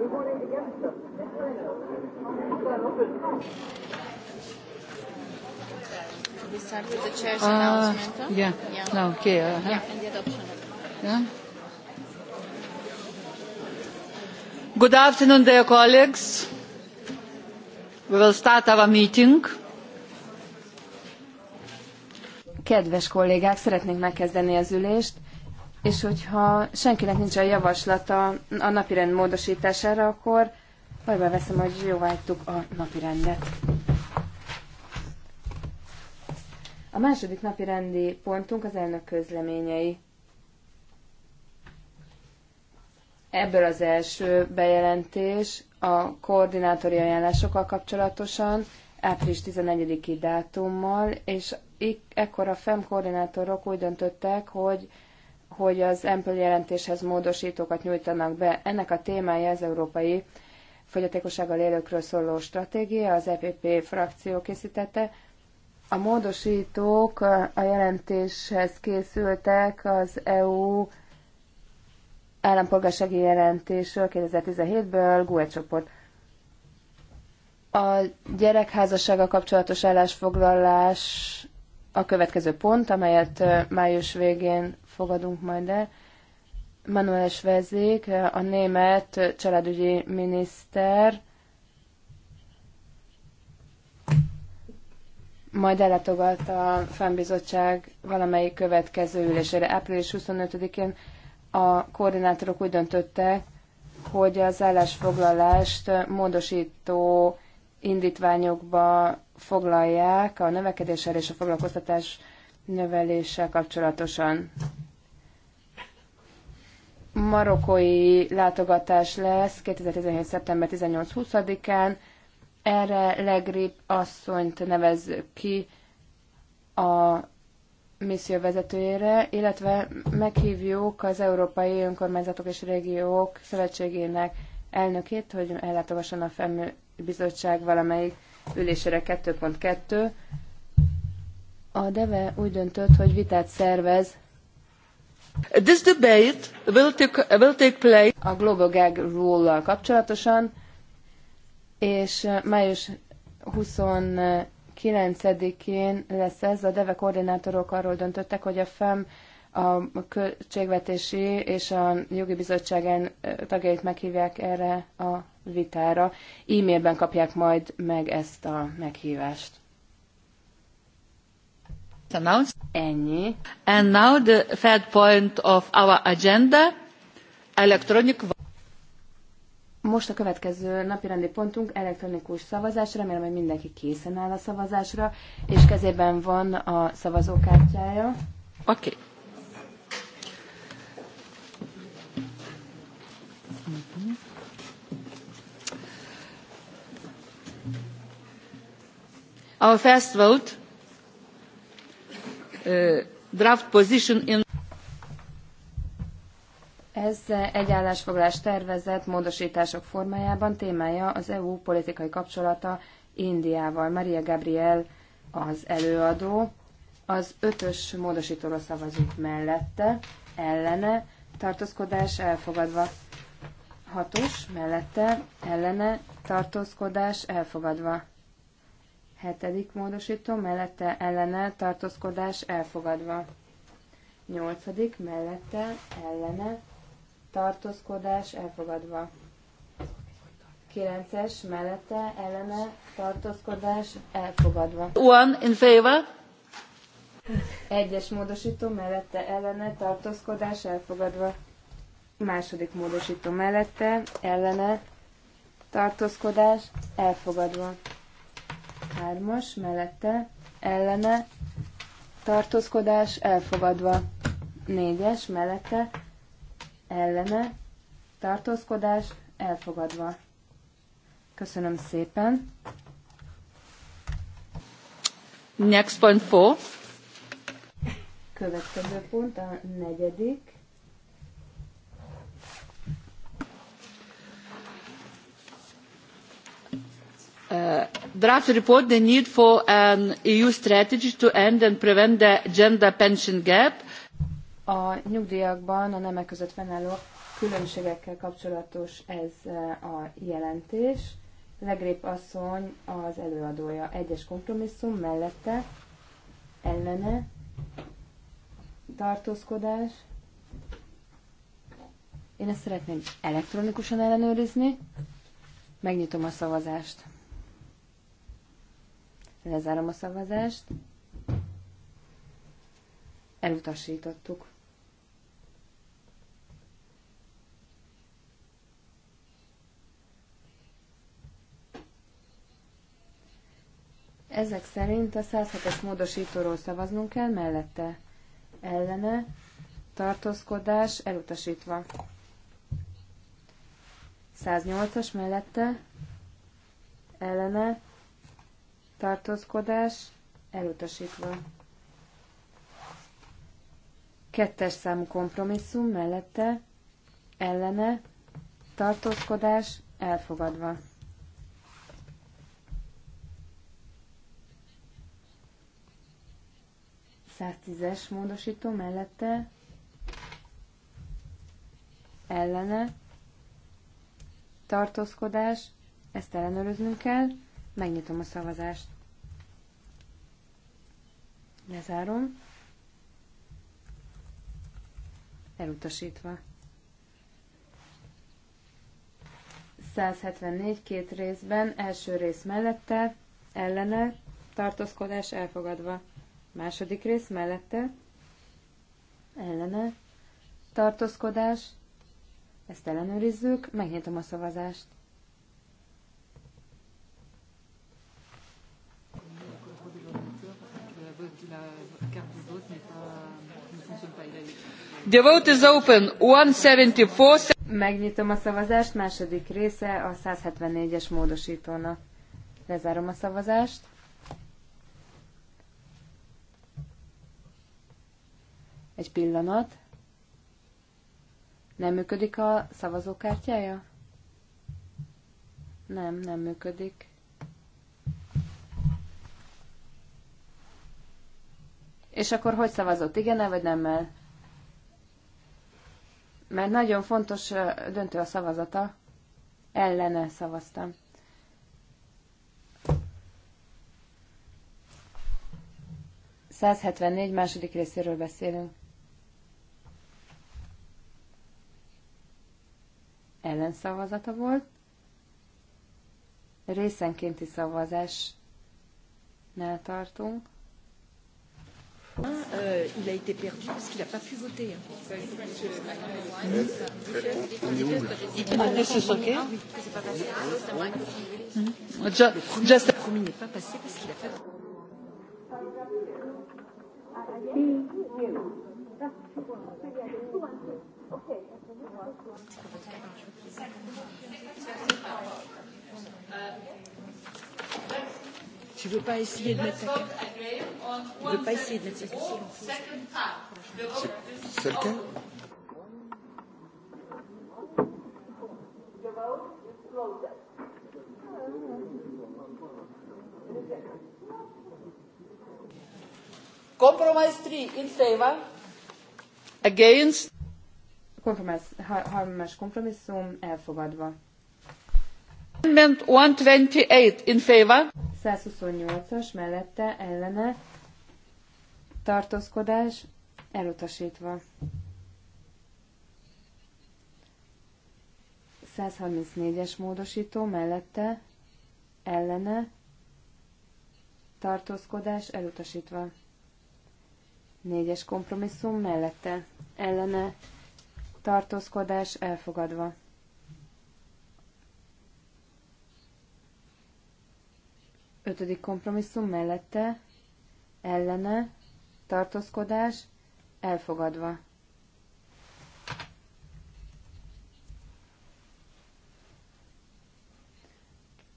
We start with the chair's uh, announcement. Yeah. yeah. No, okay. Uh, huh? Yeah, and the adoption. Yeah. Good afternoon, dear colleagues. We will start our meeting. Kedves kollégák, szeretnénk megkezdeni az ülést és hogyha senkinek nincs a javaslata a napirend módosítására, akkor bajba veszem, hogy jóváhagytuk a napirendet. A második napi rendi pontunk az elnök közleményei. Ebből az első bejelentés a koordinátori ajánlásokkal kapcsolatosan, április 14-i dátummal, és ekkor a FEM koordinátorok úgy döntöttek, hogy hogy az Ample jelentéshez módosítókat nyújtanak be. Ennek a témája az Európai Fogyatékossággal élőkről szóló stratégia, az EPP frakció készítette. A módosítók a jelentéshez készültek az EU állampolgársági jelentésről 2017-ből, GUE csoport. A gyerekházassága kapcsolatos állásfoglalás a következő pont, amelyet május végén fogadunk majd el. Manuel Svezik, a német családügyi miniszter, majd ellátogat a fennbizottság valamelyik következő ülésére. Április 25-én a koordinátorok úgy döntöttek, hogy az állásfoglalást módosító indítványokba foglalják a növekedéssel és a foglalkoztatás növeléssel kapcsolatosan. Marokkói látogatás lesz 2017. szeptember 18-20-án. Erre Legrip asszonyt nevez ki a misszió vezetőjére, illetve meghívjuk az Európai Önkormányzatok és Régiók Szövetségének elnökét, hogy ellátogasson a FEMű bizottság valamelyik ülésére 2.2. A DEVE úgy döntött, hogy vitát szervez This debate will take, will take place. a Global Gag rule kapcsolatosan, és május 29-én lesz ez. A DEVE koordinátorok arról döntöttek, hogy a FEM a költségvetési és a jogi bizottság tagjait meghívják erre a vitára. E-mailben kapják majd meg ezt a meghívást. Ennyi. And now the third point of our agenda, electronic most a következő napirendi pontunk elektronikus szavazás. Remélem, hogy mindenki készen áll a szavazásra, és kezében van a szavazókártyája. Oké. Okay. Our first vote, uh, draft position in... Ez egy állásfoglalás tervezett módosítások formájában témája az EU politikai kapcsolata Indiával. Maria Gabriel az előadó. Az ötös módosítóra szavazunk mellette, ellene, tartózkodás elfogadva. Hatos, mellette, ellene, tartózkodás elfogadva. Hetedik módosító mellette ellene tartózkodás elfogadva. Nyolcadik mellette ellene tartózkodás elfogadva. Kilences mellette ellene tartózkodás elfogadva. One in favor. Egyes módosító mellette ellene tartózkodás elfogadva. Második módosító mellette ellene tartózkodás elfogadva. Hármas mellette ellene tartózkodás elfogadva. Négyes mellette ellene tartózkodás elfogadva. Köszönöm szépen. Next point four. Következő pont a negyedik. Uh, draft report the need for an um, eu strategy to end and prevent the gender pension gap. a nyugdíjakban a nemek között fennálló különbségekkel kapcsolatos ez e, a jelentés. Legrép asszony az előadója egyes kompromisszum mellette ellene tartózkodás. Én ezt szeretném elektronikusan ellenőrizni. Megnyitom a szavazást. Lezárom a szavazást. Elutasítottuk. Ezek szerint a 107-es módosítóról szavaznunk kell, mellette ellene tartózkodás elutasítva. 108-as mellette ellene tartózkodás elutasítva. Kettes számú kompromisszum mellette, ellene, tartózkodás elfogadva. Száztízes módosító mellette, ellene, tartózkodás, ezt ellenőröznünk kell. Megnyitom a szavazást. Lezárom. Elutasítva. 174 két részben, első rész mellette, ellene, tartózkodás elfogadva. Második rész mellette, ellene, tartózkodás, ezt ellenőrizzük, megnyitom a szavazást. The vote is open. 174. Megnyitom a szavazást, második része a 174-es módosítónak. Lezárom a szavazást. Egy pillanat. Nem működik a szavazókártyája? Nem, nem működik. És akkor hogy szavazott? Igen-e, vagy nemmel? mert nagyon fontos döntő a szavazata, ellene szavaztam. ...174 második részéről beszélünk. Ellenszavazata volt. Részenkénti szavazásnál tartunk. Euh, il a été perdu parce qu'il n'a pas pu voter. Ah, ah mm-hmm. Just le premier n'est pas passé parce qu'il n'a pas. Okay. Tu veux pas essayer de mettre ta Tu veux pas essayer de mettre ta carte C'est lequel Compromise 3 in favor. Against. Kompromiss, harmadás kompromisszum elfogadva. Amendment 128 in favor. 128-as mellette ellene tartózkodás elutasítva. 134-es módosító mellette ellene tartózkodás elutasítva. 4-es kompromisszum mellette ellene tartózkodás elfogadva. Ötödik kompromisszum mellette, ellene, tartózkodás, elfogadva.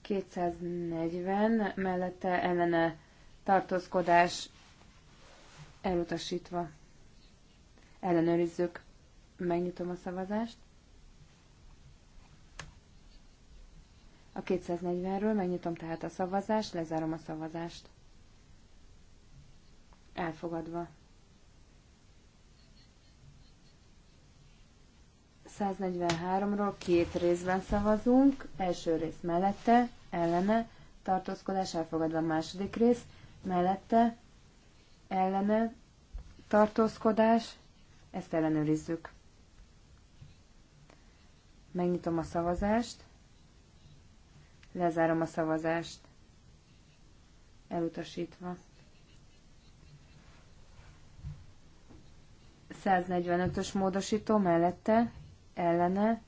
Kétszáznegyven mellette ellene tartózkodás elutasítva. Ellenőrizzük. Megnyitom a szavazást. a 240-ről, megnyitom tehát a szavazást, lezárom a szavazást. Elfogadva. 143-ról két részben szavazunk, első rész mellette, ellene, tartózkodás elfogadva, második rész mellette, ellene, tartózkodás, ezt ellenőrizzük. Megnyitom a szavazást. Lezárom a szavazást. Elutasítva. 145-ös módosító mellette, ellene,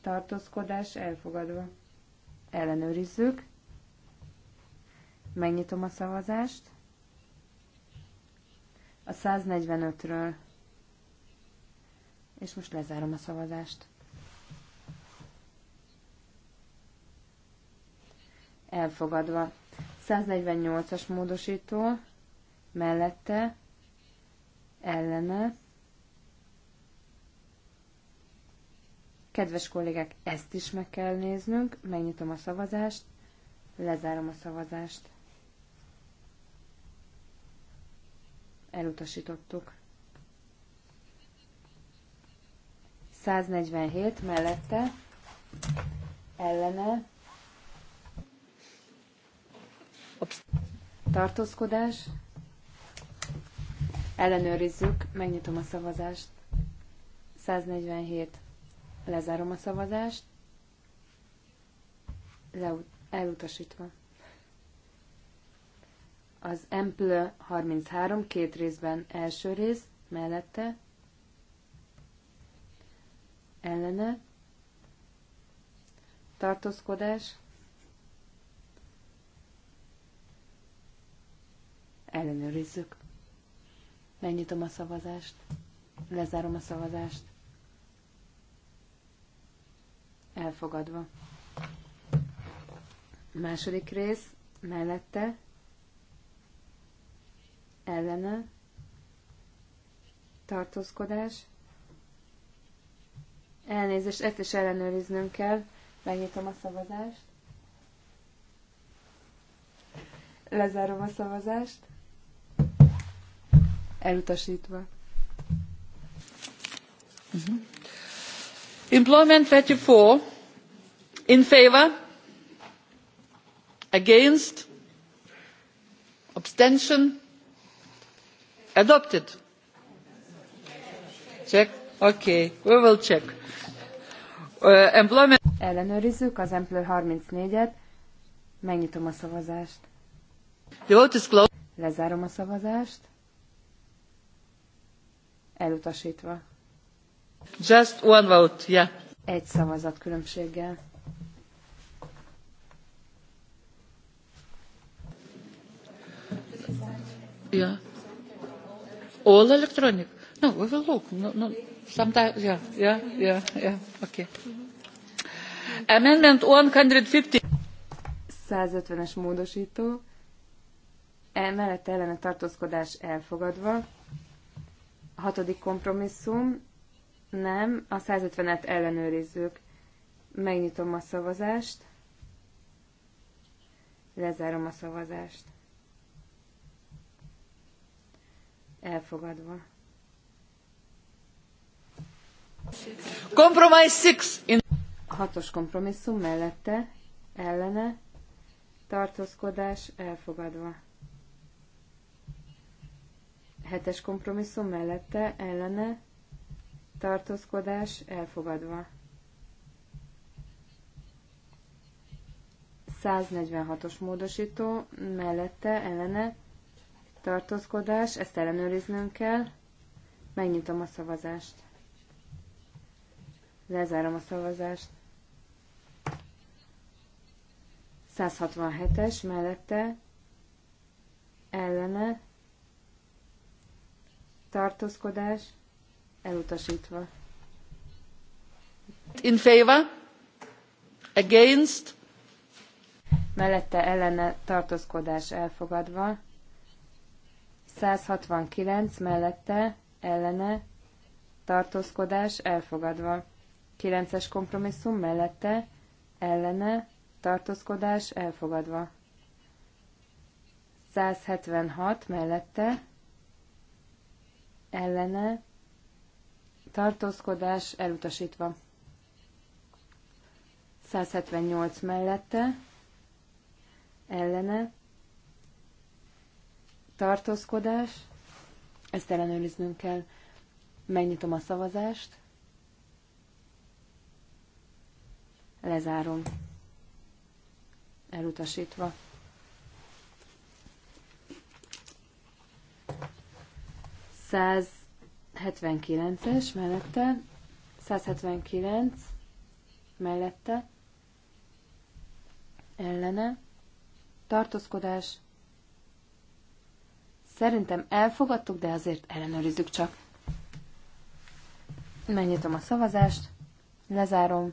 tartózkodás elfogadva. Ellenőrizzük. Megnyitom a szavazást. A 145-ről. És most lezárom a szavazást. elfogadva. 148-as módosító mellette ellene. Kedves kollégák, ezt is meg kell néznünk. Megnyitom a szavazást, lezárom a szavazást. Elutasítottuk. 147 mellette ellene Tartózkodás. Ellenőrizzük, megnyitom a szavazást. 147. Lezárom a szavazást. Leut- elutasítva. Az Emple 33 két részben első rész, mellette, ellene, tartózkodás, Ellenőrizzük. Megnyitom a szavazást. Lezárom a szavazást. Elfogadva. Második rész, mellette, ellene, tartózkodás, elnézést, ezt is ellenőriznünk kell, megnyitom a szavazást, lezárom a szavazást, elutasítva. Uh-huh. Employment 34 in favor against abstention adopted check okay we will check uh, employment ellenőrizzük az employ 34-et megnyitom a szavazást the vote is closed lezárom a szavazást Elutasítva. Just one vote, yeah. Egy szavazat különbséggel. Yeah. All electronic. No, we will look. No, no. Sometimes, yeah, yeah, yeah, yeah. Okay. Amendment 150. 150-es módosító. Emellett ellene tartózkodás elfogadva. Hatodik kompromisszum. Nem. A 150-et ellenőrizzük. Megnyitom a szavazást. Lezárom a szavazást. Elfogadva. Compromise 6. A Hatos kompromisszum mellette, ellene, tartózkodás elfogadva. Hetes kompromisszum mellette ellene tartózkodás elfogadva. 146-os módosító mellette ellene tartózkodás, ezt ellenőriznünk kell. Megnyitom a szavazást. Lezárom a szavazást. 167-es mellette ellene tartózkodás elutasítva. In favor? Against? Mellette ellene tartózkodás elfogadva. 169 mellette ellene tartózkodás elfogadva. 9-es kompromisszum mellette ellene tartózkodás elfogadva. 176 mellette ellene tartózkodás elutasítva. 178 mellette ellene tartózkodás, ezt ellenőriznünk kell. Megnyitom a szavazást, lezárom, elutasítva. 179-es mellette, 179 mellette, ellene, tartózkodás. Szerintem elfogadtuk, de azért ellenőrizzük csak. Megnyitom a szavazást, lezárom.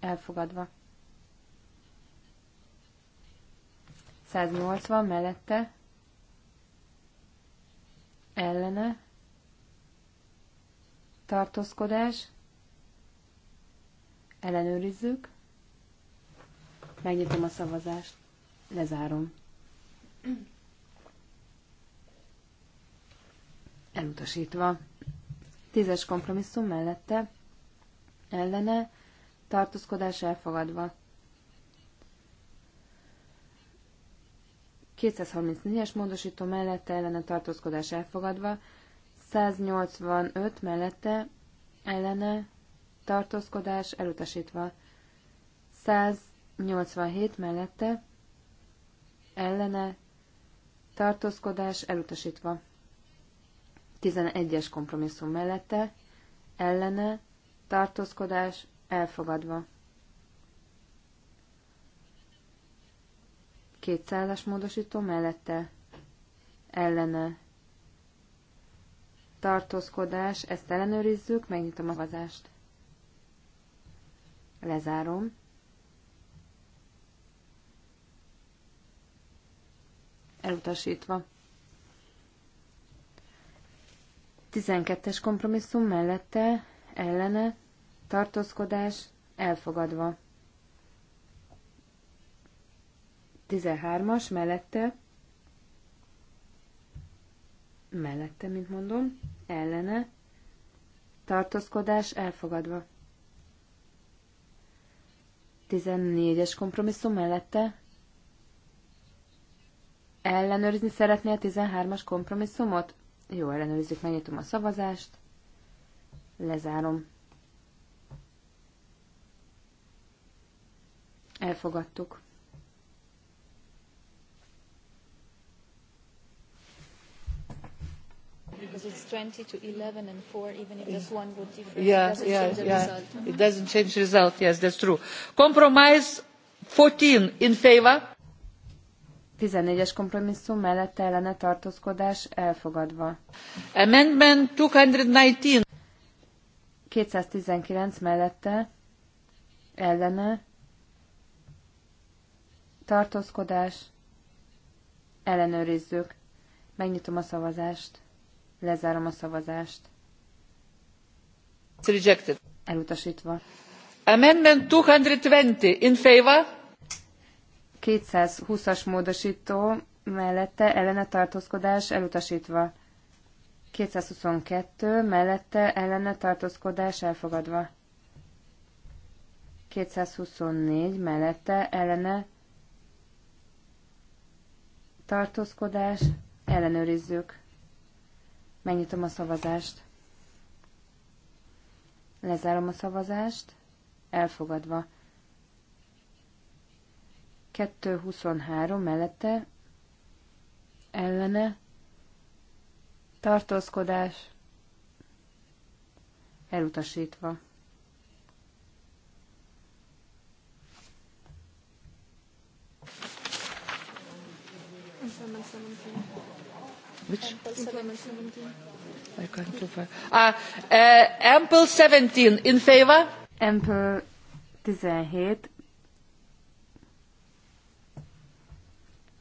Elfogadva. 180 mellette, ellene, tartózkodás, ellenőrizzük, megnyitom a szavazást, lezárom. Elutasítva. Tízes kompromisszum mellette, ellene, tartózkodás elfogadva. 234-es módosító mellette ellene tartózkodás elfogadva, 185 mellette ellene tartózkodás elutasítva, 187 mellette ellene tartózkodás elutasítva, 11-es kompromisszum mellette ellene tartózkodás elfogadva. 200-as módosító mellette ellene tartózkodás, ezt ellenőrizzük, megnyitom a vazást. Lezárom. Elutasítva. 12-es kompromisszum mellette ellene tartózkodás elfogadva. 13-as mellette, mellette, mint mondom, ellene, tartózkodás elfogadva. 14-es kompromisszum mellette, ellenőrizni szeretné a 13-as kompromisszumot? Jó, ellenőrizzük, megnyitom a szavazást, lezárom. Elfogadtuk. because it's 20 to 11 and 4, even if there's one would differ. yeah, it doesn't yeah, change the yeah. result. It doesn't change the result, yes, that's true. Compromise 14 in favor. 14-es kompromisszum mellett ellene tartózkodás elfogadva. Amendment 219. 219 mellette ellene tartózkodás ellenőrizzük. Megnyitom a szavazást. Lezárom a szavazást. rejected. Elutasítva. Amendment 220 in favor. 220-as módosító mellette ellene tartózkodás elutasítva. 222 mellette ellene tartózkodás elfogadva. 224 mellette ellene tartózkodás ellenőrizzük. Megnyitom a szavazást. Lezárom a szavazást. Elfogadva. 223 mellette ellene tartózkodás elutasítva. Which? I can't too Uh, uh, ample 17 in favor? Ample 17.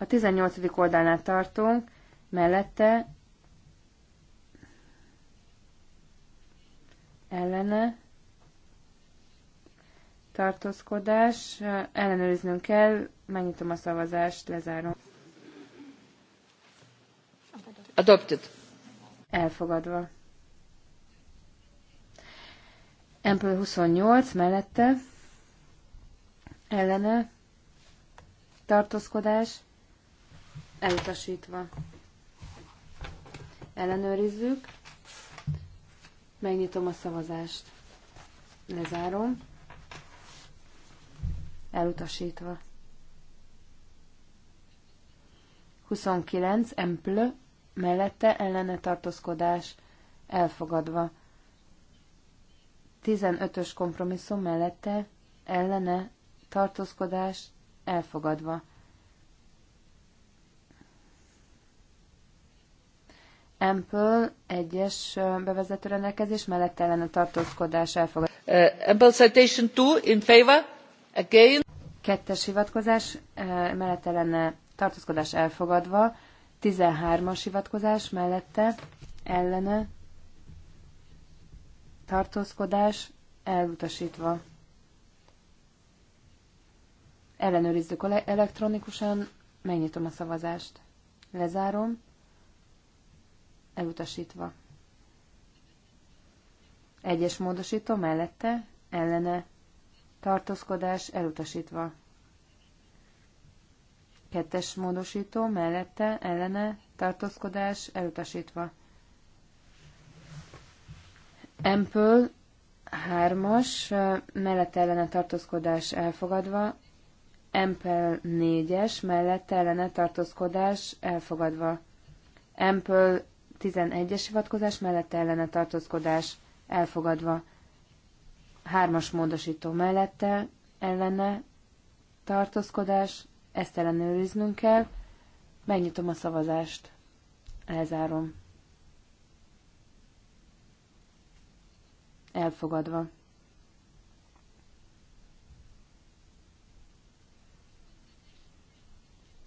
A 18. oldalnál tartunk, mellette ellene tartózkodás, ellenőriznünk kell, megnyitom a szavazást, lezárom. Adopted. Elfogadva. Ample 28 mellette ellene tartózkodás elutasítva. Ellenőrizzük. Megnyitom a szavazást. Lezárom. Elutasítva. 29 emplő mellette ellene tartózkodás elfogadva. 15-ös kompromisszum mellette ellene tartózkodás elfogadva. Ample egyes bevezető rendelkezés mellett ellen a tartózkodás elfogad. Uh, Ample citation 2 in favor, again. Kettes hivatkozás uh, mellett ellen tartózkodás elfogadva. 13-as hivatkozás mellette ellene tartózkodás elutasítva. Ellenőrizzük elektronikusan, megnyitom a szavazást. Lezárom, elutasítva. Egyes módosító mellette, ellene, tartózkodás elutasítva. Kettes módosító mellette ellene tartózkodás elutasítva. Empől hármas mellette ellene tartózkodás elfogadva. Empel négyes mellette ellene tartózkodás elfogadva. empel 11-es hivatkozás mellette ellene tartózkodás elfogadva. Hármas módosító mellette ellene tartózkodás ezt ellenőriznünk kell. Megnyitom a szavazást. Elzárom. Elfogadva.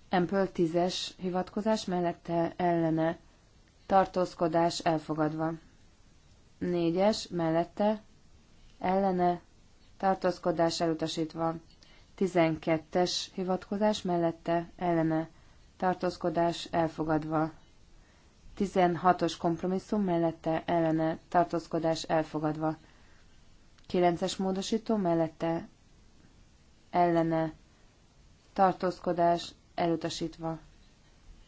Empől 10-es hivatkozás mellette ellene. Tartózkodás elfogadva. 4-es mellette ellene. Tartózkodás elutasítva. 12-es hivatkozás mellette ellene tartózkodás elfogadva. 16-os kompromisszum mellette ellene tartózkodás elfogadva. 9-es módosító mellette ellene tartózkodás elutasítva.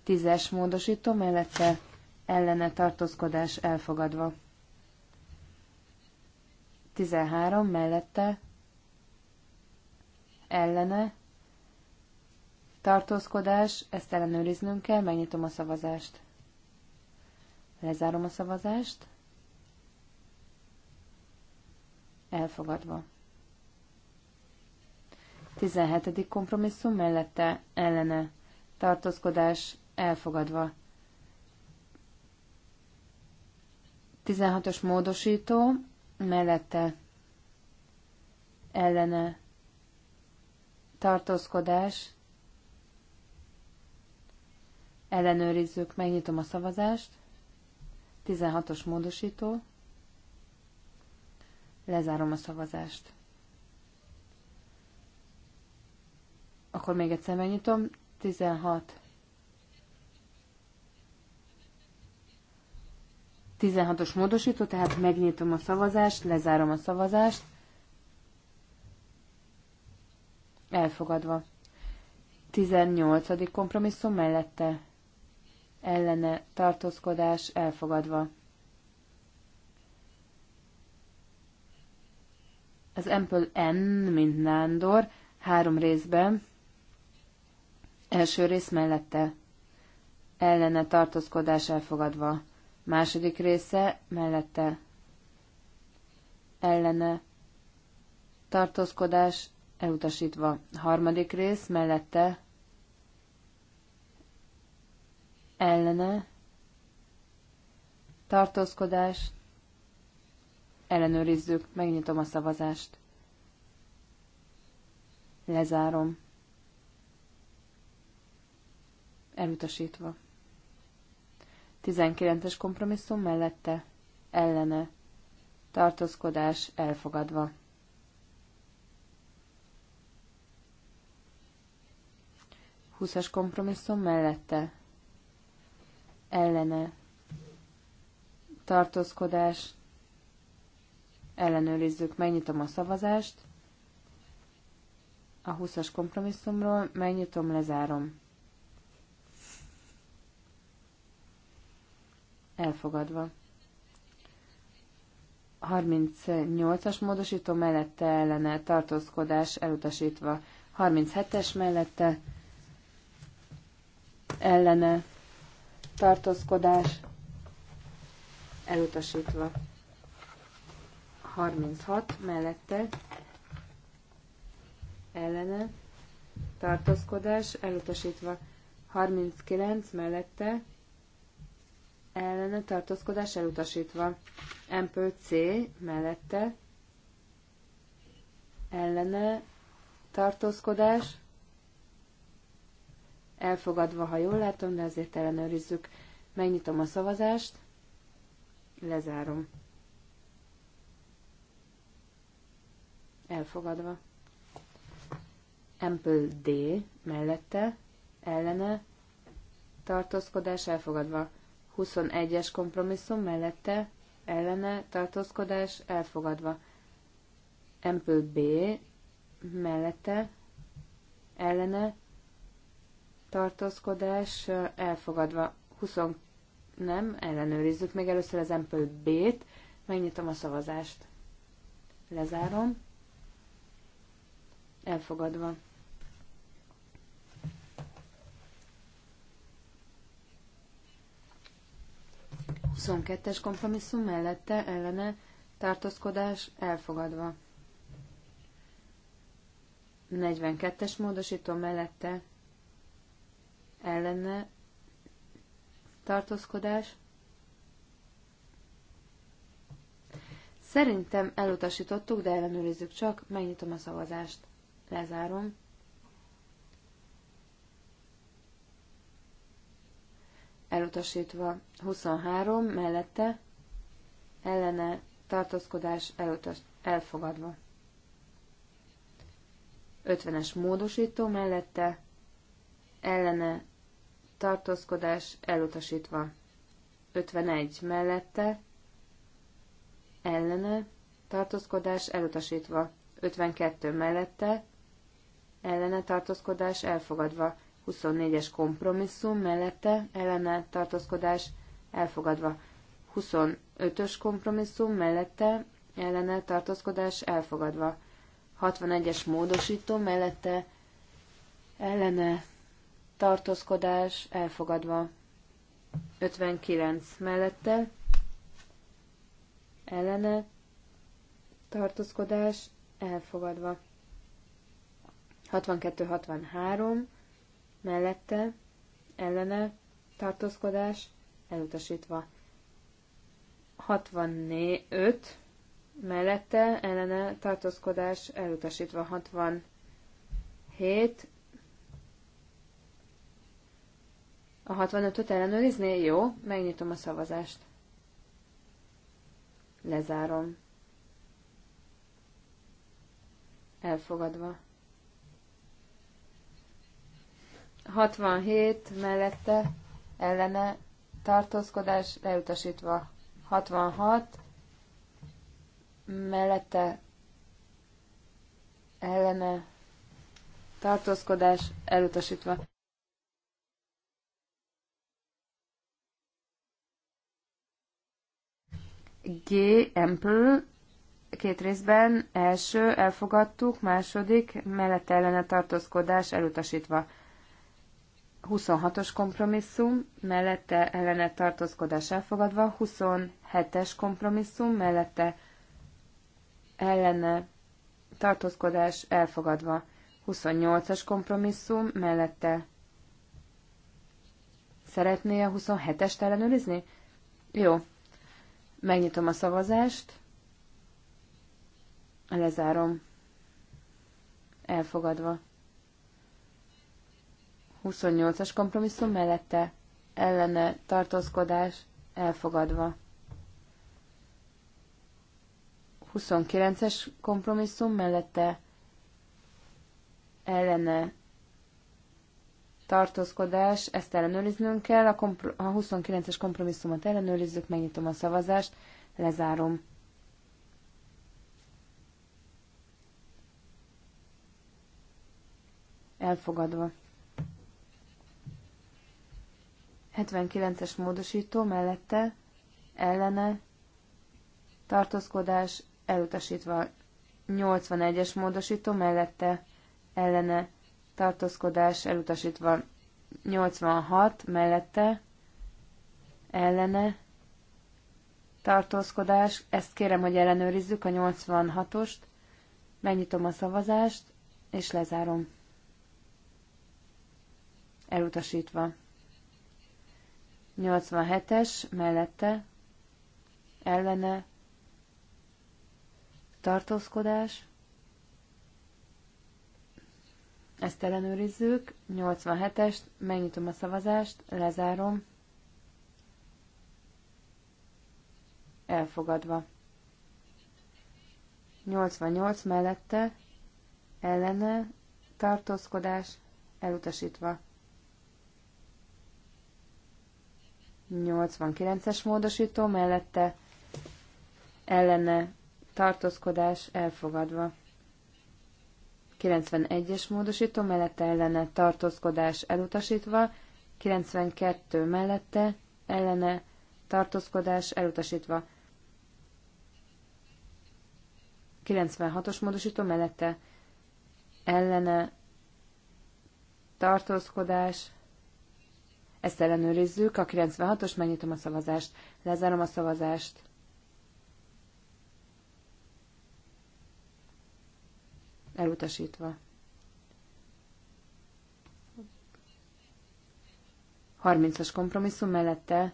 10-es módosító mellette ellene tartózkodás elfogadva. 13 mellette ellene, tartózkodás, ezt ellenőriznünk kell, megnyitom a szavazást. Lezárom a szavazást. Elfogadva. 17. kompromisszum mellette ellene. Tartózkodás elfogadva. 16-os módosító mellette ellene tartózkodás, ellenőrizzük, megnyitom a szavazást, 16-os módosító, lezárom a szavazást. Akkor még egyszer megnyitom, 16 16-os módosító, tehát megnyitom a szavazást, lezárom a szavazást. elfogadva. 18. kompromisszum mellette ellene tartózkodás elfogadva. Az Empel N, mint Nándor, három részben, első rész mellette ellene tartózkodás elfogadva. Második része mellette ellene tartózkodás elutasítva. Harmadik rész mellette ellene tartózkodás ellenőrizzük, megnyitom a szavazást. Lezárom. Elutasítva. 19-es kompromisszum mellette ellene tartózkodás elfogadva. 20-as kompromisszum mellette ellene tartózkodás, ellenőrizzük, megnyitom a szavazást, a 20-as kompromisszumról, megnyitom, lezárom. Elfogadva. 38-as módosító mellette ellene tartózkodás elutasítva, 37-es mellette ellene tartózkodás elutasítva. 36 mellette ellene tartózkodás elutasítva. 39 mellette ellene tartózkodás elutasítva. Empő C mellette ellene tartózkodás elfogadva, ha jól látom, de azért ellenőrizzük. Megnyitom a szavazást, lezárom. Elfogadva. Ample D mellette, ellene, tartózkodás elfogadva. 21-es kompromisszum mellette, ellene, tartózkodás elfogadva. Ample B mellette, ellene, tartózkodás elfogadva 20 nem, ellenőrizzük még először az Ample B-t, megnyitom a szavazást. Lezárom. Elfogadva. Huszonkettes kompromisszum mellette ellene tartózkodás elfogadva. 42-es módosító mellette ellene tartózkodás. Szerintem elutasítottuk, de ellenőrizzük csak, megnyitom a szavazást, lezárom. Elutasítva 23, mellette ellene tartózkodás elutas, elfogadva. 50-es módosító mellette ellene tartózkodás elutasítva. 51 mellette ellene tartózkodás elutasítva. 52 mellette ellene tartózkodás elfogadva. 24-es kompromisszum mellette ellene tartózkodás elfogadva. 25-ös kompromisszum mellette ellene tartózkodás elfogadva. 61-es módosító mellette ellene tartózkodás elfogadva. 59 mellette ellene tartózkodás elfogadva. 62-63 mellette ellene tartózkodás elutasítva. 65 mellette ellene tartózkodás elutasítva. 67 A 65-öt ellenőrizné? Jó, megnyitom a szavazást. Lezárom. Elfogadva. 67 mellette ellene tartózkodás elutasítva. 66 mellette ellene tartózkodás elutasítva. G, Empel, két részben, első, elfogadtuk, második, mellette ellene tartózkodás elutasítva. 26-os kompromisszum, mellette ellene tartózkodás elfogadva, 27-es kompromisszum, mellette ellene tartózkodás elfogadva, 28-as kompromisszum, mellette szeretné a 27-est ellenőrizni? Jó, Megnyitom a szavazást. Lezárom. Elfogadva. 28-as kompromisszum mellette ellene tartózkodás elfogadva. 29-es kompromisszum mellette ellene tartózkodás, ezt ellenőriznünk kell. A, kompro- a 29-es kompromisszumot ellenőrizzük, megnyitom a szavazást, lezárom. Elfogadva. 79-es módosító mellette, ellene, tartózkodás, elutasítva. 81-es módosító mellette, ellene, tartózkodás elutasítva 86 mellette ellene tartózkodás. Ezt kérem, hogy ellenőrizzük a 86-ost. Megnyitom a szavazást, és lezárom. Elutasítva. 87-es mellette ellene tartózkodás ezt ellenőrizzük. 87-est, megnyitom a szavazást, lezárom. Elfogadva. 88 mellette, ellene, tartózkodás, elutasítva. 89-es módosító mellette, ellene, tartózkodás, elfogadva. 91-es módosító mellette ellene tartózkodás elutasítva, 92 mellette ellene tartózkodás elutasítva, 96-os módosító mellette ellene tartózkodás, ezt ellenőrizzük, a 96-os, megnyitom a szavazást, lezárom a szavazást, elutasítva. 30-as kompromisszum mellette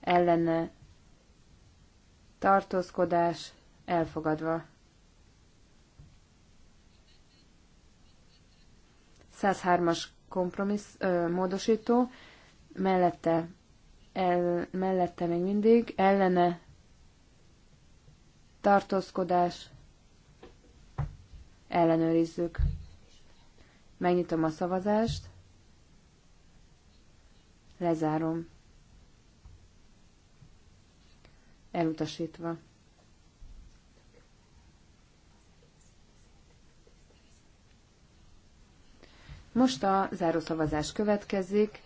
ellene tartózkodás elfogadva. 103-as kompromissz, ö, módosító, mellette, el, mellette még mindig, ellene tartózkodás ellenőrizzük. Megnyitom a szavazást, lezárom. Elutasítva. Most a zárószavazás következik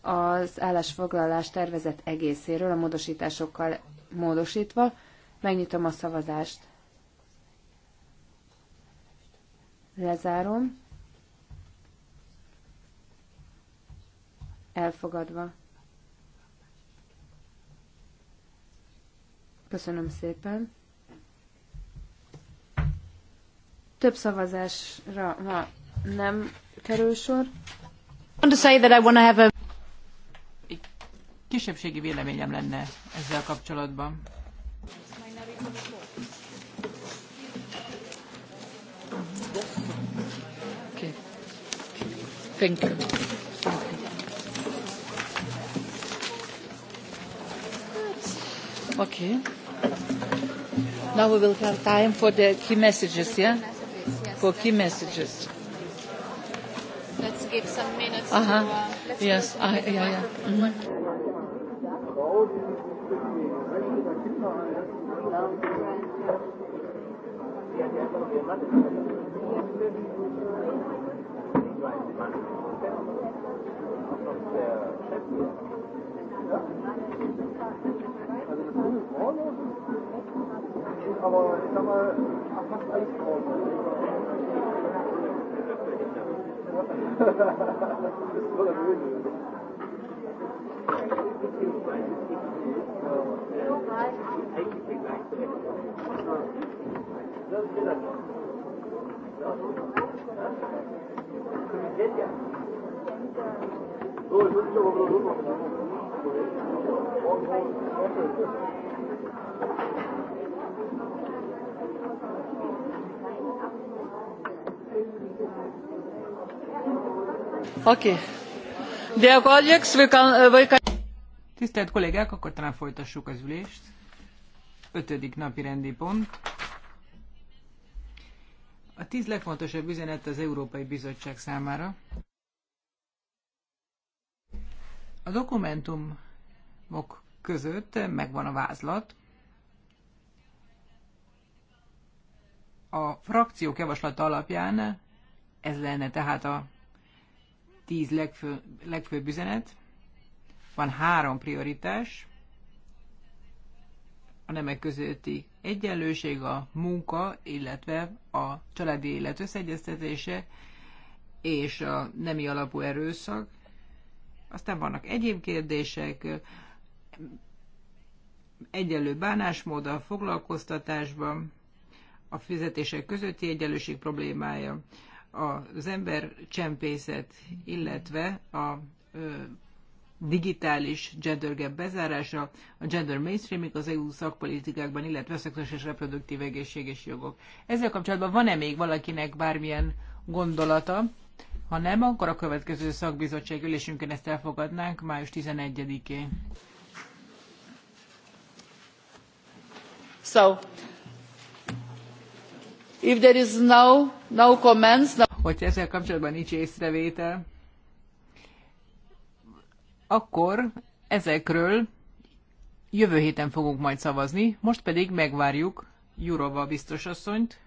az állásfoglalás tervezet egészéről a módosításokkal módosítva. Megnyitom a szavazást. Lezárom. Elfogadva. Köszönöm szépen. Több szavazásra ma nem kerül sor. Egy kisebbségi véleményem lenne ezzel kapcsolatban. Thank you. Okay. Now we will have time for the key messages, yeah? For key messages. Let's give some minutes uh-huh. uh -huh. to... Uh, yes, uh, yeah, yeah. Mm -hmm. Thank you. Also das ist vorlosig, aber ich sag mal, fast alles vorlosig. das ist so der Mühle. Eigentlich gleich. Das ist wieder Okay. Uh, Tisztelt kollégák, akkor talán folytassuk az ülést. Ötödik napi rendi pont. A tíz legfontosabb üzenet az Európai Bizottság számára. A dokumentumok között megvan a vázlat. A frakciók javaslata alapján ez lenne tehát a tíz legfő, legfőbb üzenet. Van három prioritás nemek közötti egyenlőség, a munka, illetve a családi élet összeegyeztetése és a nemi alapú erőszak. Aztán vannak egyéb kérdések, egyenlő bánásmód a foglalkoztatásban, a fizetések közötti egyenlőség problémája, az csempészet, illetve a digitális gender gap bezárása, a gender mainstreaming az EU szakpolitikákban, illetve szexuális és reproduktív egészség és jogok. Ezzel kapcsolatban van-e még valakinek bármilyen gondolata? Ha nem, akkor a következő szakbizottság ülésünkön ezt elfogadnánk május 11-én. So, if there is no, no comments, no... Hogy ezzel kapcsolatban nincs észrevétel, akkor ezekről jövő héten fogunk majd szavazni, most pedig megvárjuk Jurova biztosasszonyt.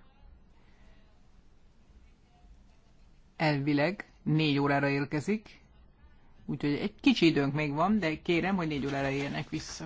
Elvileg négy órára érkezik, úgyhogy egy kicsi időnk még van, de kérem, hogy négy órára érjenek vissza.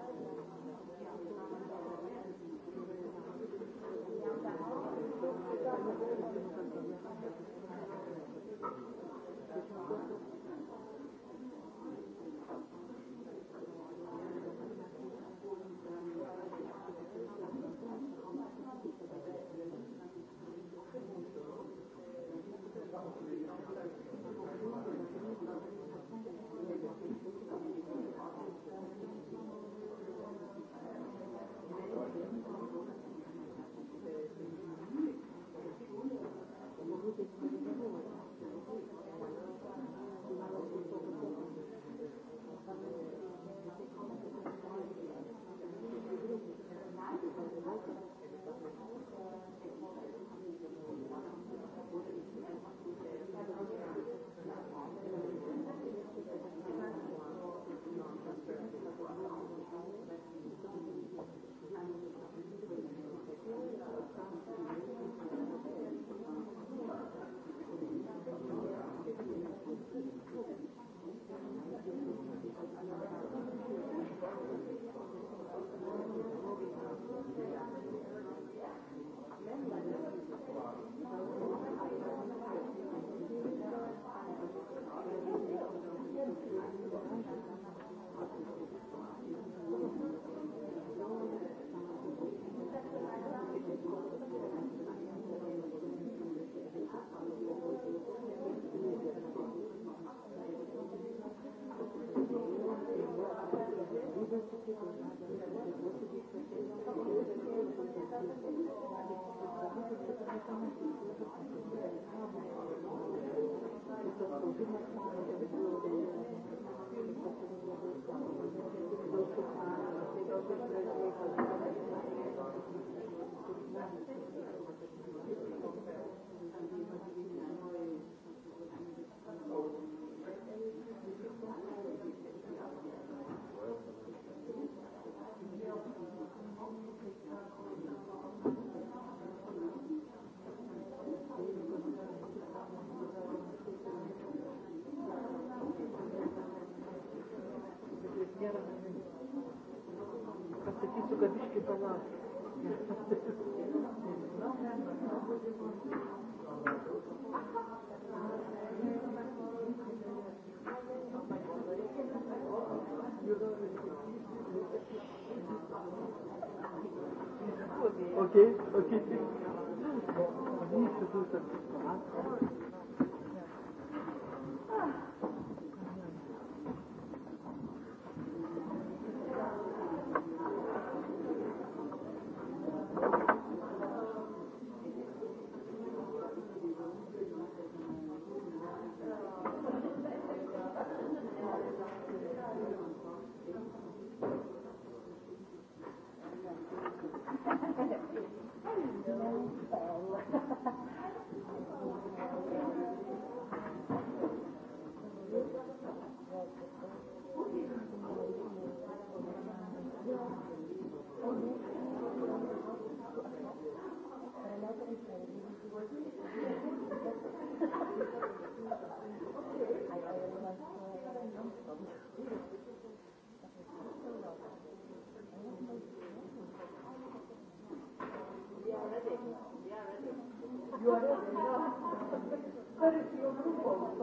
pareció un grupo.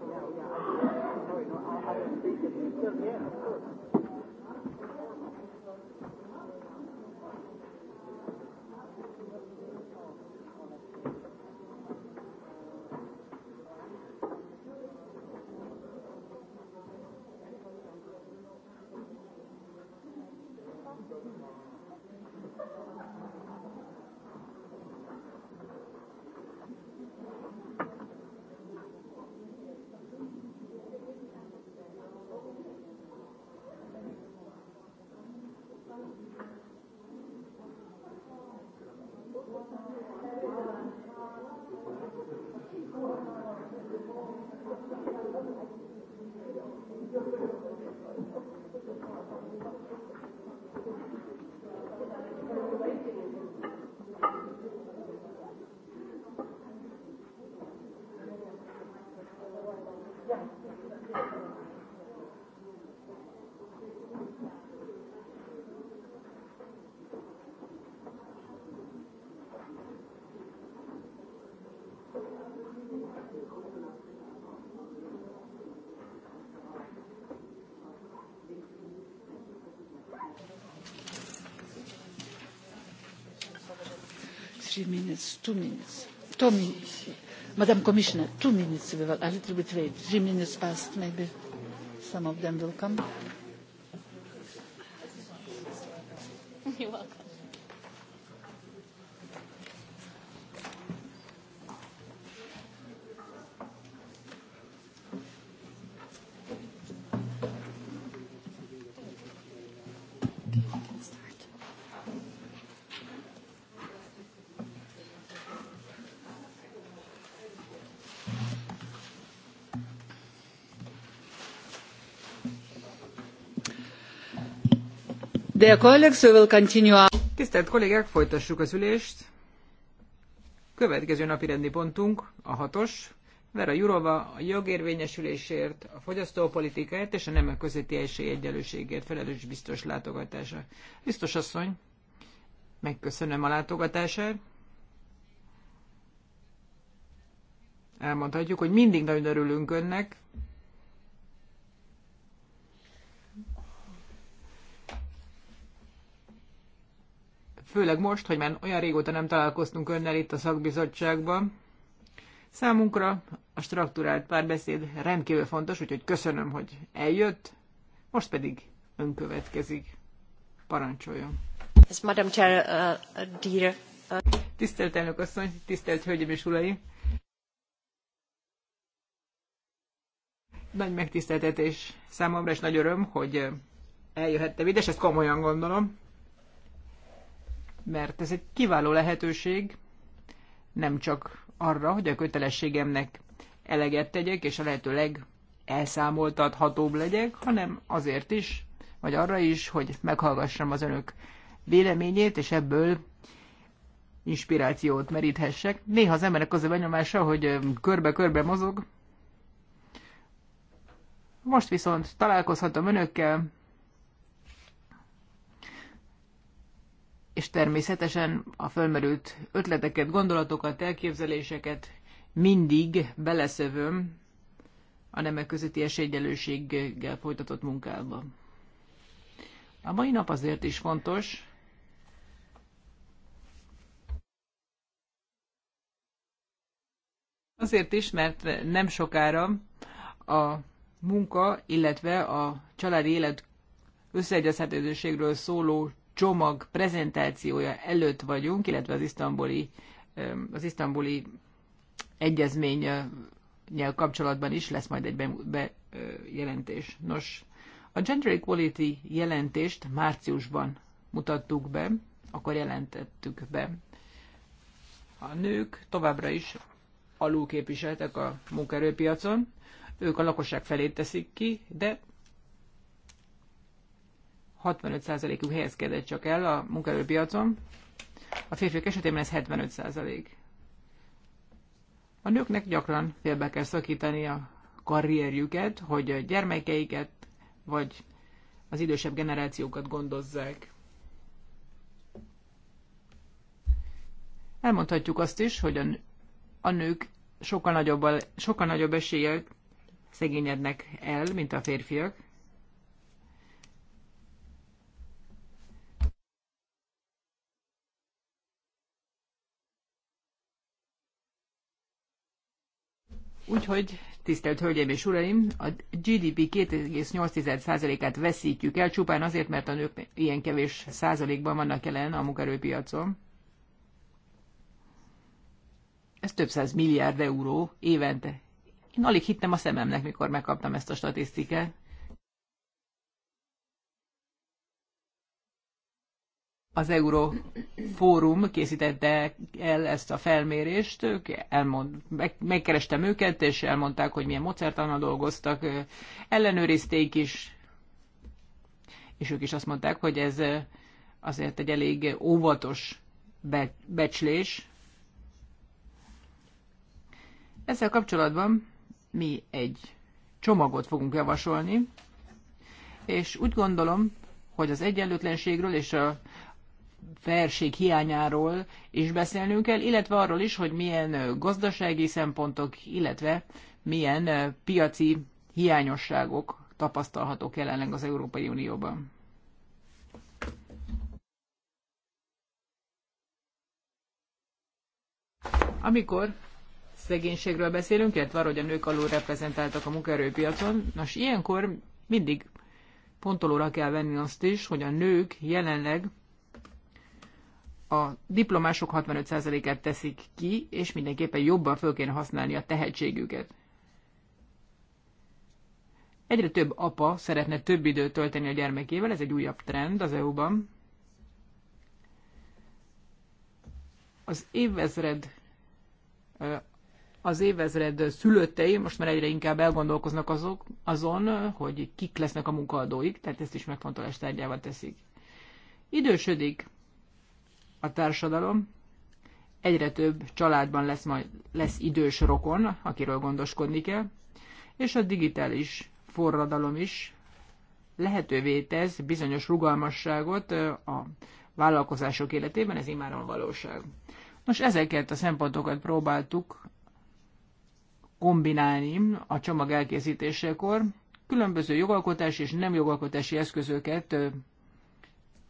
Yeah, yeah. three minutes two minutes two minutes madam commissioner two minutes we were a little bit late three minutes past maybe some of them will come. Dear colleagues, we Tisztelt kollégák, folytassuk az ülést. Következő napi rendi pontunk a hatos. Vera Jurova a jogérvényesülésért, a fogyasztópolitikáért és a nemek közötti esélyegyenlőségért felelős biztos látogatása. Biztos asszony, megköszönöm a látogatását. Elmondhatjuk, hogy mindig nagyon örülünk önnek, főleg most, hogy már olyan régóta nem találkoztunk önnel itt a szakbizottságban. Számunkra a struktúrált párbeszéd rendkívül fontos, úgyhogy köszönöm, hogy eljött, most pedig ön következik. Parancsoljon. Yes, Madam Chair, uh, uh dear. Uh... Tisztelt elnök asszony, tisztelt hölgyeim és uraim! Nagy megtiszteltetés számomra, és nagy öröm, hogy eljöhettem ide, és ezt komolyan gondolom mert ez egy kiváló lehetőség nem csak arra, hogy a kötelességemnek eleget tegyek, és a lehető legelszámoltathatóbb legyek, hanem azért is, vagy arra is, hogy meghallgassam az önök véleményét, és ebből inspirációt meríthessek. Néha az emberek az a benyomása, hogy um, körbe-körbe mozog. Most viszont találkozhatom önökkel, és természetesen a fölmerült ötleteket, gondolatokat, elképzeléseket mindig beleszövöm a nemek közötti esélyegyelőséggel folytatott munkába. A mai nap azért is fontos, azért is, mert nem sokára a munka, illetve a családi élet összeegyezhetőségről szóló csomag prezentációja előtt vagyunk, illetve az isztambuli, az isztambuli egyezménnyel kapcsolatban is lesz majd egy bejelentés. Nos, a Gender Equality jelentést márciusban mutattuk be, akkor jelentettük be. A nők továbbra is alulképviseltek a munkaerőpiacon, ők a lakosság felét teszik ki, de 65%-uk helyezkedett csak el a munkaerőpiacon, a férfiak esetében ez 75%. A nőknek gyakran félbe kell szakítani a karrierjüket, hogy a gyermekeiket vagy az idősebb generációkat gondozzák. Elmondhatjuk azt is, hogy a, a nők sokkal nagyobb, sokkal nagyobb eséllyel szegényednek el, mint a férfiak. Úgyhogy, tisztelt Hölgyeim és Uraim, a GDP 2,8%-át veszítjük el csupán azért, mert a nők ilyen kevés százalékban vannak jelen a munkaerőpiacon. Ez több száz milliárd euró évente. Én alig hittem a szememnek, mikor megkaptam ezt a statisztikát. az Eurofórum készítette el ezt a felmérést, ők elmond, meg, megkerestem őket, és elmondták, hogy milyen módszertannal dolgoztak, ellenőrizték is, és ők is azt mondták, hogy ez azért egy elég óvatos be, becslés. Ezzel kapcsolatban mi egy csomagot fogunk javasolni, és úgy gondolom, hogy az egyenlőtlenségről és a felség hiányáról is beszélnünk kell, illetve arról is, hogy milyen gazdasági szempontok, illetve milyen piaci hiányosságok tapasztalhatók jelenleg az Európai Unióban. Amikor szegénységről beszélünk, illetve arról, hogy a nők alul reprezentáltak a munkaerőpiacon, nos, ilyenkor mindig pontolóra kell venni azt is, hogy a nők jelenleg a diplomások 65%-át teszik ki, és mindenképpen jobban föl kéne használni a tehetségüket. Egyre több apa szeretne több időt tölteni a gyermekével, ez egy újabb trend az EU-ban. Az évezred az évezred szülöttei most már egyre inkább elgondolkoznak azok, azon, hogy kik lesznek a munkaadóik, tehát ezt is megfontolás tárgyával teszik. Idősödik a társadalom. Egyre több családban lesz, majd, lesz idős rokon, akiről gondoskodni kell, és a digitális forradalom is lehetővé tesz bizonyos rugalmasságot a vállalkozások életében, ez imáron valóság. Nos, ezeket a szempontokat próbáltuk kombinálni a csomag elkészítésekor. Különböző jogalkotási és nem jogalkotási eszközöket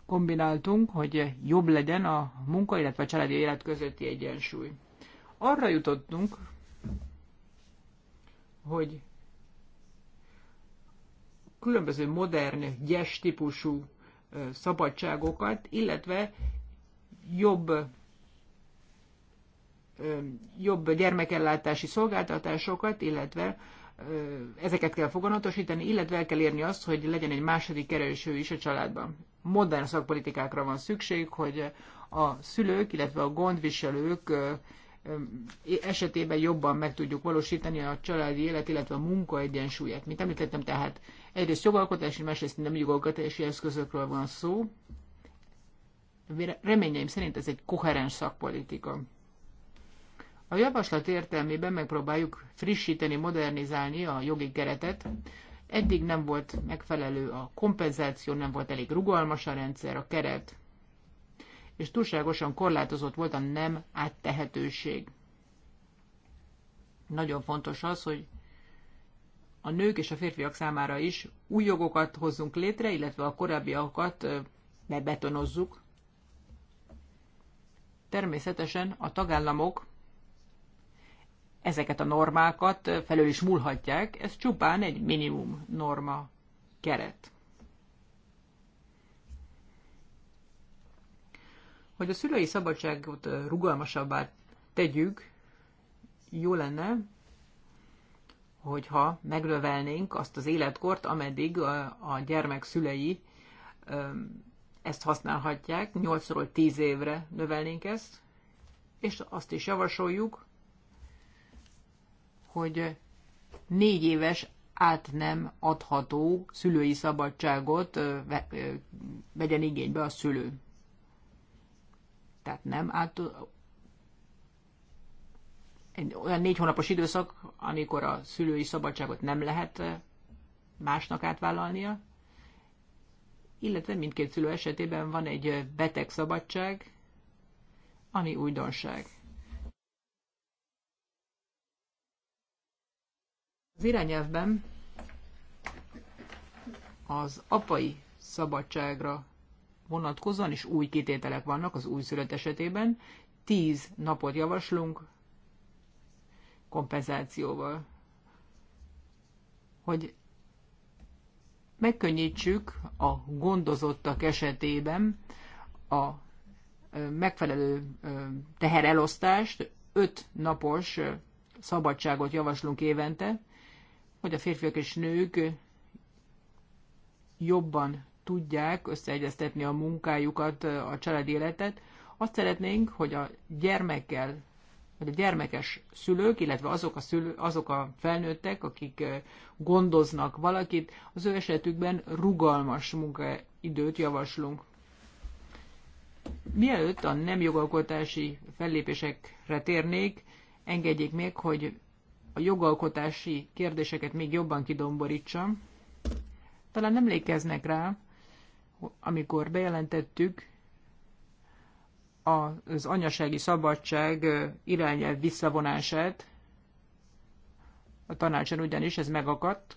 kombináltunk, hogy jobb legyen a munka, illetve a családi élet közötti egyensúly. Arra jutottunk, hogy különböző modern, gyes típusú szabadságokat, illetve jobb, jobb gyermekellátási szolgáltatásokat, illetve ezeket kell foganatosítani, illetve el kell érni azt, hogy legyen egy második kereső is a családban modern szakpolitikákra van szükség, hogy a szülők, illetve a gondviselők esetében jobban meg tudjuk valósítani a családi élet, illetve a munka egyensúlyát. Mint említettem, tehát egyrészt jogalkotási, másrészt nem jogalkotási eszközökről van szó. Reményeim szerint ez egy koherens szakpolitika. A javaslat értelmében megpróbáljuk frissíteni, modernizálni a jogi keretet, Eddig nem volt megfelelő a kompenzáció, nem volt elég rugalmas a rendszer, a keret, és túlságosan korlátozott volt a nem áttehetőség. Nagyon fontos az, hogy a nők és a férfiak számára is új jogokat hozzunk létre, illetve a korábbiakat bebetonozzuk. Természetesen a tagállamok ezeket a normákat felől is múlhatják, ez csupán egy minimum norma keret. Hogy a szülői szabadságot rugalmasabbá tegyük, jó lenne, hogyha megnövelnénk azt az életkort, ameddig a gyermek szülei ezt használhatják, 8 10 évre növelnénk ezt, és azt is javasoljuk, hogy négy éves át nem adható szülői szabadságot vegyen igénybe a szülő. Tehát nem át, egy olyan négy hónapos időszak, amikor a szülői szabadságot nem lehet másnak átvállalnia, illetve mindkét szülő esetében van egy beteg szabadság, ami újdonság. Az irányelvben az apai szabadságra vonatkozóan is új kitételek vannak az újszülött esetében. Tíz napot javaslunk kompenzációval, hogy megkönnyítsük a gondozottak esetében a megfelelő teherelosztást, öt napos szabadságot javaslunk évente, hogy a férfiak és nők jobban tudják összeegyeztetni a munkájukat, a család életet. Azt szeretnénk, hogy a gyermekkel, vagy a gyermekes szülők, illetve azok a, szülő, azok a felnőttek, akik gondoznak valakit, az ő esetükben rugalmas munkaidőt javaslunk. Mielőtt a nem jogalkotási fellépésekre térnék, engedjék meg, hogy a jogalkotási kérdéseket még jobban kidomborítsam. Talán emlékeznek rá, amikor bejelentettük az anyasági szabadság irányelv visszavonását, a tanácson ugyanis ez megakadt,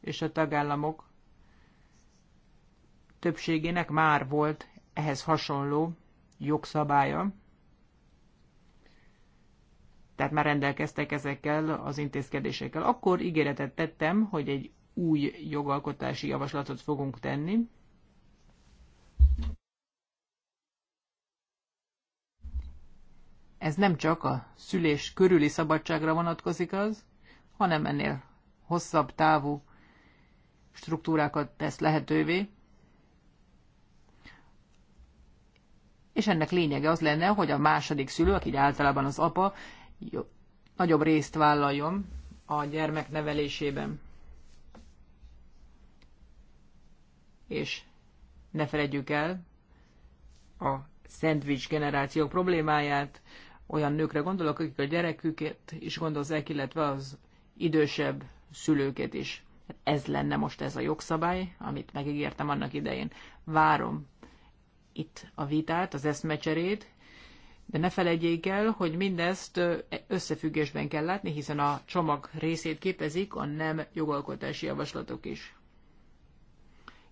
és a tagállamok többségének már volt ehhez hasonló jogszabálya, tehát már rendelkeztek ezekkel az intézkedésekkel. Akkor ígéretet tettem, hogy egy új jogalkotási javaslatot fogunk tenni. Ez nem csak a szülés körüli szabadságra vonatkozik az, hanem ennél hosszabb távú struktúrákat tesz lehetővé, és ennek lényege az lenne, hogy a második szülő, aki általában az apa, nagyobb részt vállaljon a gyermek nevelésében. És ne felejtjük el a szendvics generációk problémáját, olyan nőkre gondolok, akik a gyereküket is gondozzák, illetve az idősebb szülőket is. Ez lenne most ez a jogszabály, amit megígértem annak idején. Várom itt a vitát, az eszmecserét, de ne felejtjék el, hogy mindezt összefüggésben kell látni, hiszen a csomag részét képezik a nem jogalkotási javaslatok is.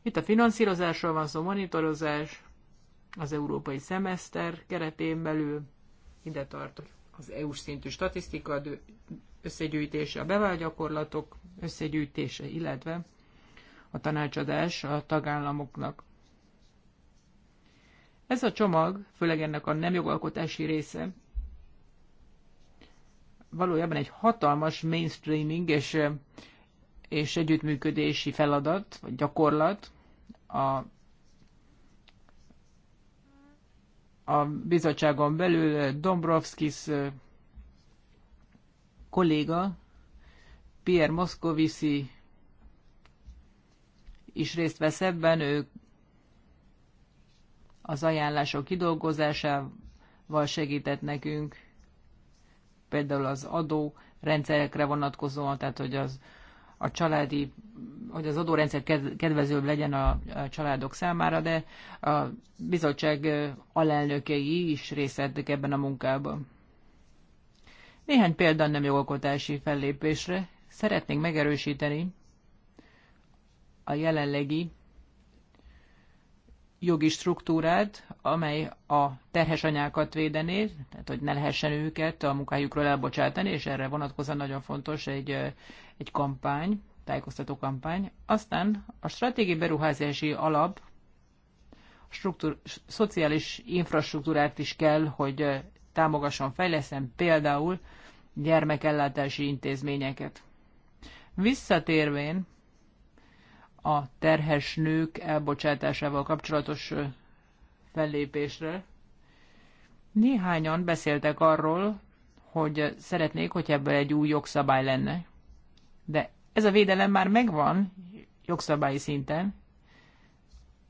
Itt a finanszírozásról van szó, monitorozás, az európai szemeszter keretén belül, ide tart az EU-s szintű statisztika összegyűjtése, a bevált gyakorlatok összegyűjtése, illetve a tanácsadás a tagállamoknak. Ez a csomag, főleg ennek a nem jogalkotási része, valójában egy hatalmas mainstreaming és, és együttműködési feladat, vagy gyakorlat a, a bizottságon belül Dombrovskis kolléga, Pierre Moscovici is részt vesz ebben, ők az ajánlások kidolgozásával segített nekünk, például az adó rendszerekre vonatkozóan, tehát hogy az a családi, hogy az adórendszer kedvezőbb legyen a családok számára, de a bizottság alelnökei is részt vettek ebben a munkában. Néhány példa nem jogalkotási fellépésre szeretnénk megerősíteni a jelenlegi jogi struktúrát, amely a terhes anyákat védené, tehát hogy ne lehessen őket a munkájukról elbocsátani, és erre vonatkozóan nagyon fontos egy, egy kampány, tájékoztató kampány. Aztán a stratégiai beruházási alap struktúr, szociális infrastruktúrát is kell, hogy támogasson, fejleszem például gyermekellátási intézményeket. Visszatérvén a terhes nők elbocsátásával kapcsolatos fellépésre. Néhányan beszéltek arról, hogy szeretnék, hogy ebből egy új jogszabály lenne. De ez a védelem már megvan jogszabályi szinten.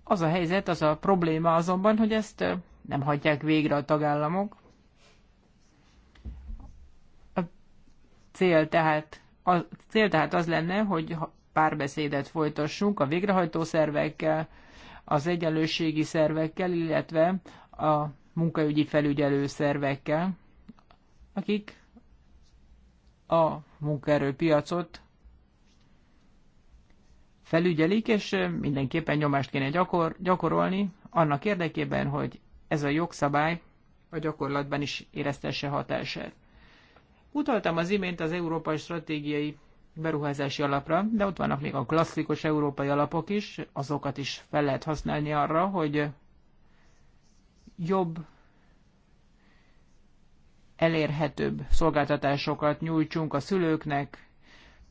Az a helyzet, az a probléma azonban, hogy ezt nem hagyják végre a tagállamok. A cél tehát, a cél tehát az lenne, hogy párbeszédet folytassunk a végrehajtó szervekkel, az egyenlőségi szervekkel, illetve a munkaügyi felügyelő szervekkel, akik a munkaerőpiacot felügyelik, és mindenképpen nyomást kéne gyakor- gyakorolni annak érdekében, hogy ez a jogszabály a gyakorlatban is éreztesse hatását. Utaltam az imént az Európai Stratégiai beruházási alapra, de ott vannak még a klasszikus európai alapok is, azokat is fel lehet használni arra, hogy jobb, elérhetőbb szolgáltatásokat nyújtsunk a szülőknek,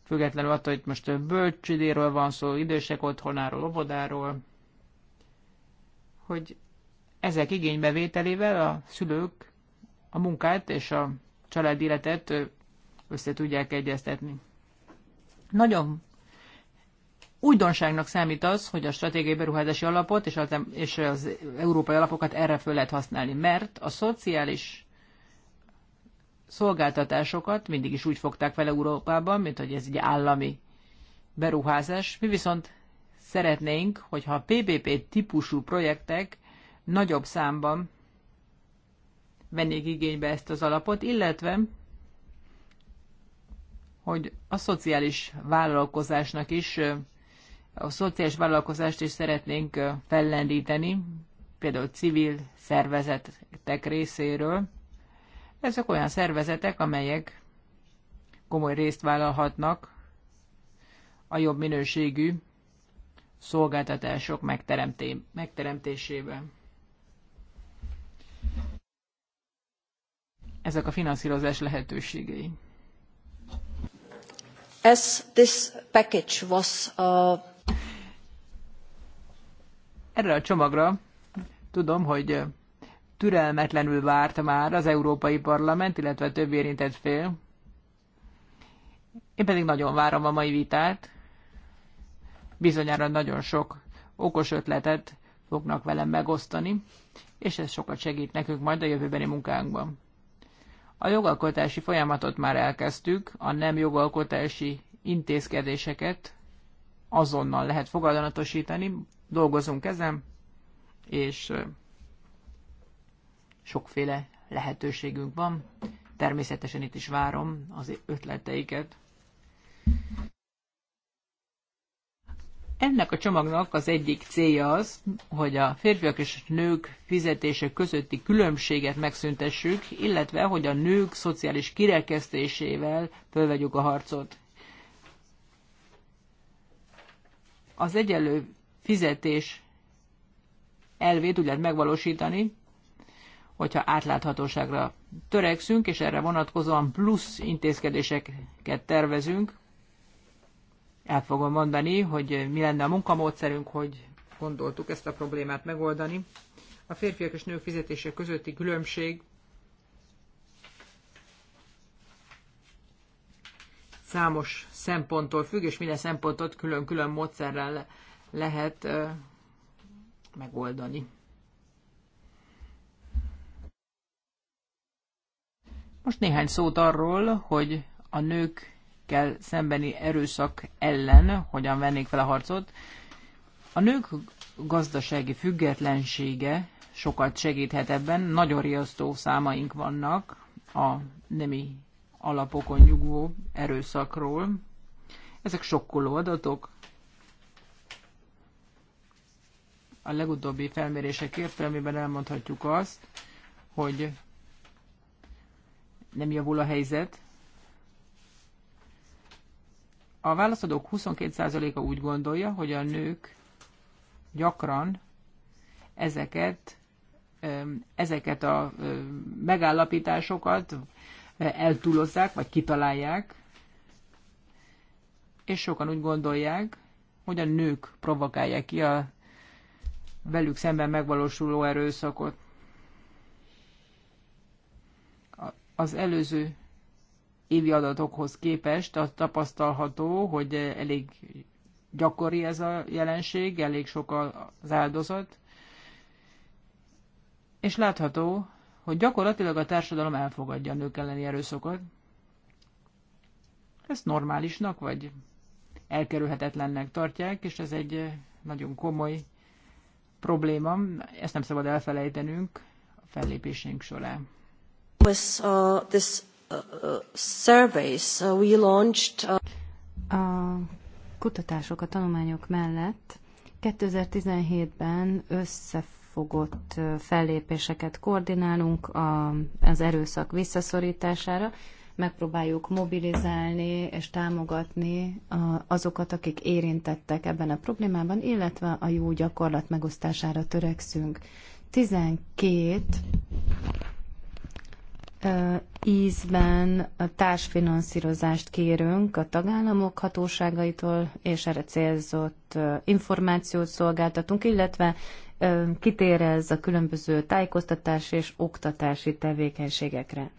függetlenül attól, hogy most bölcsidéről van szó, idősek otthonáról, óvodáról, hogy ezek igénybevételével a szülők a munkát és a család életet össze tudják egyeztetni. Nagyon újdonságnak számít az, hogy a stratégiai beruházási alapot és az, és az európai alapokat erre föl lehet használni, mert a szociális szolgáltatásokat mindig is úgy fogták fel Európában, mint hogy ez egy állami beruházás. Mi viszont szeretnénk, hogyha a PPP típusú projektek nagyobb számban vennék igénybe ezt az alapot, illetve hogy a szociális vállalkozásnak is, a szociális vállalkozást is szeretnénk fellendíteni, például civil szervezetek részéről. Ezek olyan szervezetek, amelyek komoly részt vállalhatnak a jobb minőségű szolgáltatások megteremté- megteremtésében. Ezek a finanszírozás lehetőségei as this package was uh, Erre a csomagra tudom, hogy uh, türelmetlenül várt már az Európai Parlament, illetve több érintett fél. Én pedig nagyon várom a mai vitát. Bizonyára nagyon sok okos ötletet fognak velem megosztani, és ez sokat segít nekünk majd a jövőbeni munkánkban. A jogalkotási folyamatot már elkezdtük, a nem jogalkotási intézkedéseket azonnal lehet fogadanatosítani, dolgozunk ezen, és sokféle lehetőségünk van. Természetesen itt is várom az ötleteiket. Ennek a csomagnak az egyik célja az, hogy a férfiak és nők fizetése közötti különbséget megszüntessük, illetve hogy a nők szociális kirekesztésével fölvegyük a harcot. Az egyenlő fizetés elvét úgy lehet megvalósítani, hogyha átláthatóságra törekszünk, és erre vonatkozóan plusz intézkedéseket tervezünk, el fogom mondani, hogy mi lenne a munkamódszerünk, hogy gondoltuk ezt a problémát megoldani. A férfiak és nők fizetése közötti különbség számos szemponttól függ, és minden szempontot külön-külön módszerrel lehet megoldani. Most néhány szót arról, hogy a nők nőkkel szembeni erőszak ellen hogyan vennék fel a harcot. A nők gazdasági függetlensége sokat segíthet ebben. Nagyon riasztó számaink vannak a nemi alapokon nyugvó erőszakról. Ezek sokkoló adatok. A legutóbbi felmérések értelmében elmondhatjuk azt, hogy nem javul a helyzet, a válaszadók 22%-a úgy gondolja, hogy a nők gyakran ezeket, ezeket a megállapításokat eltúlozzák, vagy kitalálják, és sokan úgy gondolják, hogy a nők provokálják ki a velük szemben megvalósuló erőszakot. Az előző évi adatokhoz képest az tapasztalható, hogy elég gyakori ez a jelenség, elég sok az áldozat, és látható, hogy gyakorlatilag a társadalom elfogadja a nők elleni erőszakot. Ezt normálisnak, vagy elkerülhetetlennek tartják, és ez egy nagyon komoly probléma. Ezt nem szabad elfelejtenünk a fellépésünk során. Was, uh, this surveys uh, we launched. Uh, a kutatások, a tanulmányok mellett 2017-ben összefogott uh, fellépéseket koordinálunk a, az erőszak visszaszorítására, megpróbáljuk mobilizálni és támogatni azokat, akik érintettek ebben a problémában, illetve a jó gyakorlat megosztására törekszünk. 12 ízben a társfinanszírozást kérünk a tagállamok hatóságaitól, és erre célzott információt szolgáltatunk, illetve kitér ez a különböző tájékoztatás és oktatási tevékenységekre.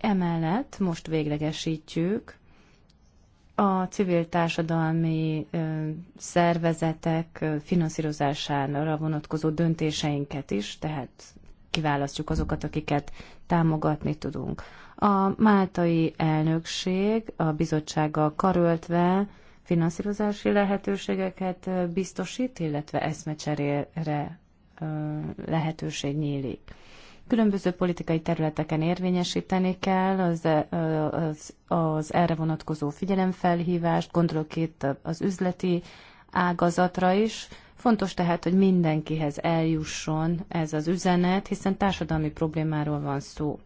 Emellett most véglegesítjük a civil társadalmi szervezetek finanszírozására vonatkozó döntéseinket is, tehát kiválasztjuk azokat, akiket támogatni tudunk. A máltai elnökség a bizottsággal karöltve finanszírozási lehetőségeket biztosít, illetve eszmecserére lehetőség nyílik. Különböző politikai területeken érvényesíteni kell az, az, az erre vonatkozó figyelemfelhívást, gondolok itt az üzleti ágazatra is, Fontos tehát, hogy mindenkihez eljusson ez az üzenet, hiszen társadalmi problémáról van szó.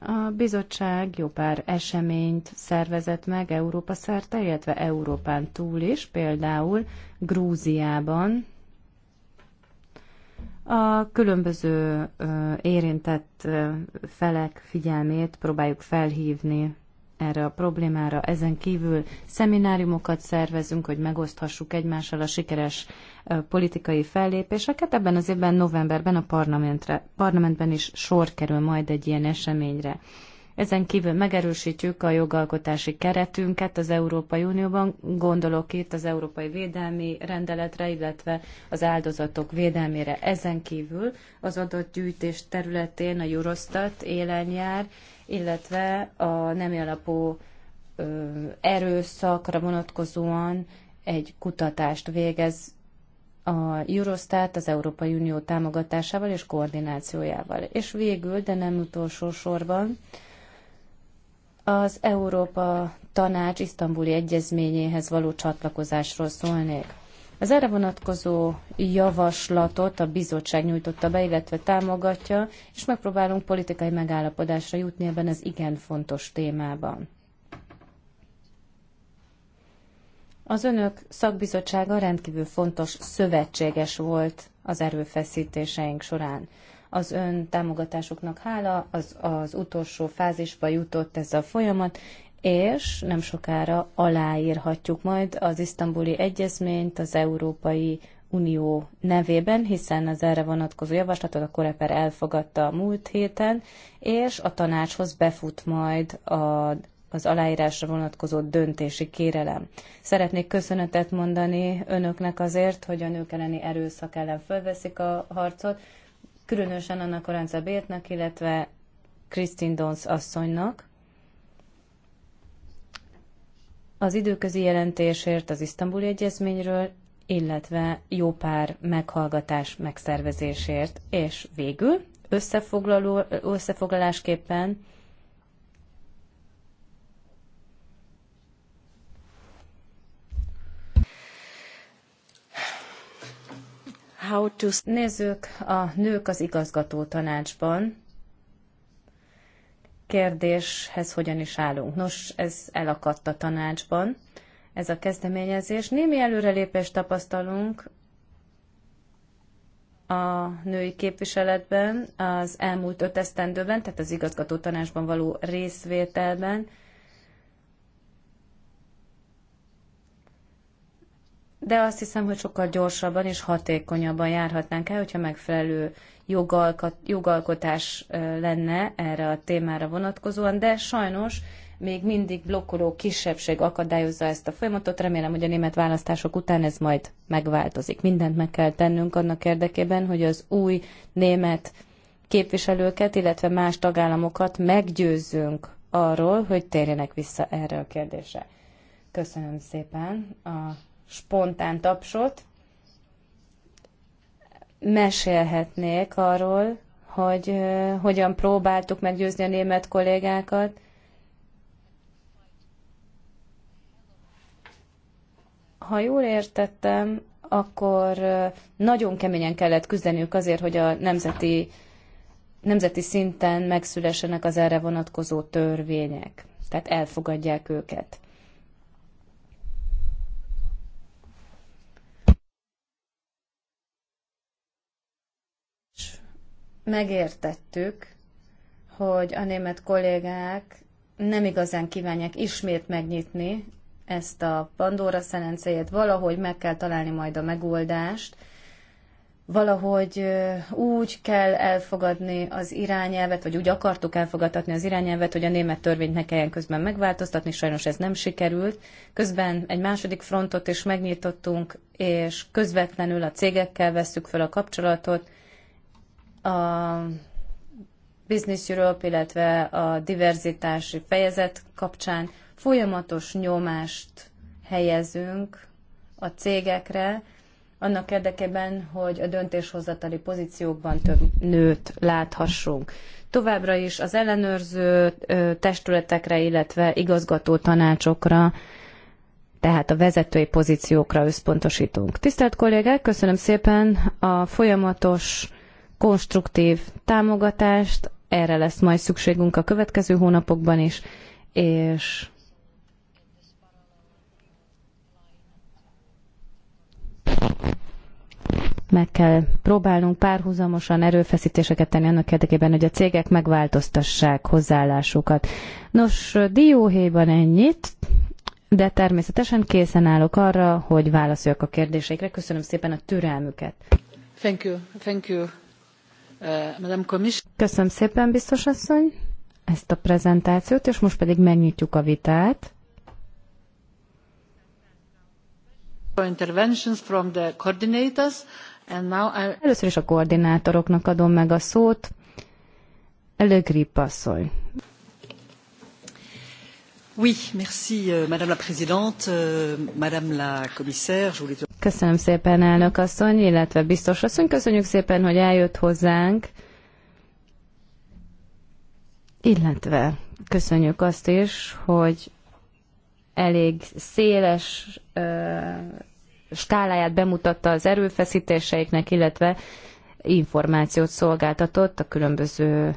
A bizottság jó pár eseményt szervezett meg Európa szerte, illetve Európán túl is, például Grúziában. A különböző érintett felek figyelmét próbáljuk felhívni erre a problémára. Ezen kívül szemináriumokat szervezünk, hogy megoszthassuk egymással a sikeres politikai fellépéseket. Ebben az évben novemberben a parlamentre, parlamentben is sor kerül majd egy ilyen eseményre. Ezen kívül megerősítjük a jogalkotási keretünket az Európai Unióban, gondolok itt az Európai Védelmi Rendeletre, illetve az áldozatok védelmére. Ezen kívül az adatgyűjtés területén a Eurostat élen jár, illetve a nemi alapú erőszakra vonatkozóan egy kutatást végez a Eurostat az Európai Unió támogatásával és koordinációjával. És végül, de nem utolsó sorban, az Európa Tanács isztambuli egyezményéhez való csatlakozásról szólnék. Az erre vonatkozó javaslatot a bizottság nyújtotta be, illetve támogatja, és megpróbálunk politikai megállapodásra jutni ebben az igen fontos témában. Az önök szakbizottsága rendkívül fontos szövetséges volt az erőfeszítéseink során. Az ön támogatásoknak hála az, az utolsó fázisba jutott ez a folyamat, és nem sokára aláírhatjuk majd az isztambuli egyezményt az Európai Unió nevében, hiszen az erre vonatkozó javaslatot a Koreper elfogadta a múlt héten, és a tanácshoz befut majd a, az aláírásra vonatkozó döntési kérelem. Szeretnék köszönetet mondani önöknek azért, hogy a nők elleni erőszak ellen fölveszik a harcot, különösen annak Orenza Bértnek, illetve Kristin Dons asszonynak, az időközi jelentésért az isztambuli egyezményről, illetve jó pár meghallgatás megszervezésért, és végül összefoglaló, összefoglalásképpen How to... Nézzük a nők az igazgató tanácsban kérdéshez hogyan is állunk. Nos, ez elakadt a tanácsban, ez a kezdeményezés. Némi előrelépést tapasztalunk a női képviseletben az elmúlt öt esztendőben, tehát az igazgató tanácsban való részvételben. De azt hiszem, hogy sokkal gyorsabban és hatékonyabban járhatnánk el, hogyha megfelelő jogalkat, jogalkotás lenne erre a témára vonatkozóan, de sajnos még mindig blokkoló kisebbség akadályozza ezt a folyamatot. Remélem, hogy a német választások után ez majd megváltozik. Mindent meg kell tennünk annak érdekében, hogy az új német képviselőket, illetve más tagállamokat meggyőzzünk arról, hogy térjenek vissza erre a kérdésre. Köszönöm szépen a spontán tapsot mesélhetnék arról, hogy hogyan próbáltuk meggyőzni a német kollégákat, ha jól értettem, akkor nagyon keményen kellett küzdeniük azért, hogy a nemzeti, nemzeti szinten megszülessenek az erre vonatkozó törvények. Tehát elfogadják őket. megértettük, hogy a német kollégák nem igazán kívánják ismét megnyitni ezt a Pandora szerencéjét, valahogy meg kell találni majd a megoldást, valahogy úgy kell elfogadni az irányelvet, vagy úgy akartuk elfogadtatni az irányelvet, hogy a német törvényt ne kelljen közben megváltoztatni, sajnos ez nem sikerült. Közben egy második frontot is megnyitottunk, és közvetlenül a cégekkel vesszük fel a kapcsolatot, a Business Europe, illetve a diverzitási fejezet kapcsán folyamatos nyomást helyezünk a cégekre, annak érdekében, hogy a döntéshozatali pozíciókban több nőt láthassunk. Továbbra is az ellenőrző testületekre, illetve igazgató tanácsokra, tehát a vezetői pozíciókra összpontosítunk. Tisztelt kollégák, köszönöm szépen a folyamatos konstruktív támogatást, erre lesz majd szükségünk a következő hónapokban is, és meg kell próbálnunk párhuzamosan erőfeszítéseket tenni annak érdekében, hogy a cégek megváltoztassák hozzáállásukat. Nos, dióhéjban ennyit, de természetesen készen állok arra, hogy válaszoljak a kérdéseikre. Köszönöm szépen a türelmüket. Thank you. Thank you. Uh, Köszönöm szépen, biztos asszony, ezt a prezentációt, és most pedig megnyitjuk a vitát. Először is a koordinátoroknak adom meg a szót. Előgrip asszony. Köszönöm szépen, elnök asszony, illetve biztos asszony. Köszönjük szépen, hogy eljött hozzánk. Illetve köszönjük azt is, hogy elég széles ö, skáláját bemutatta az erőfeszítéseiknek, illetve információt szolgáltatott a különböző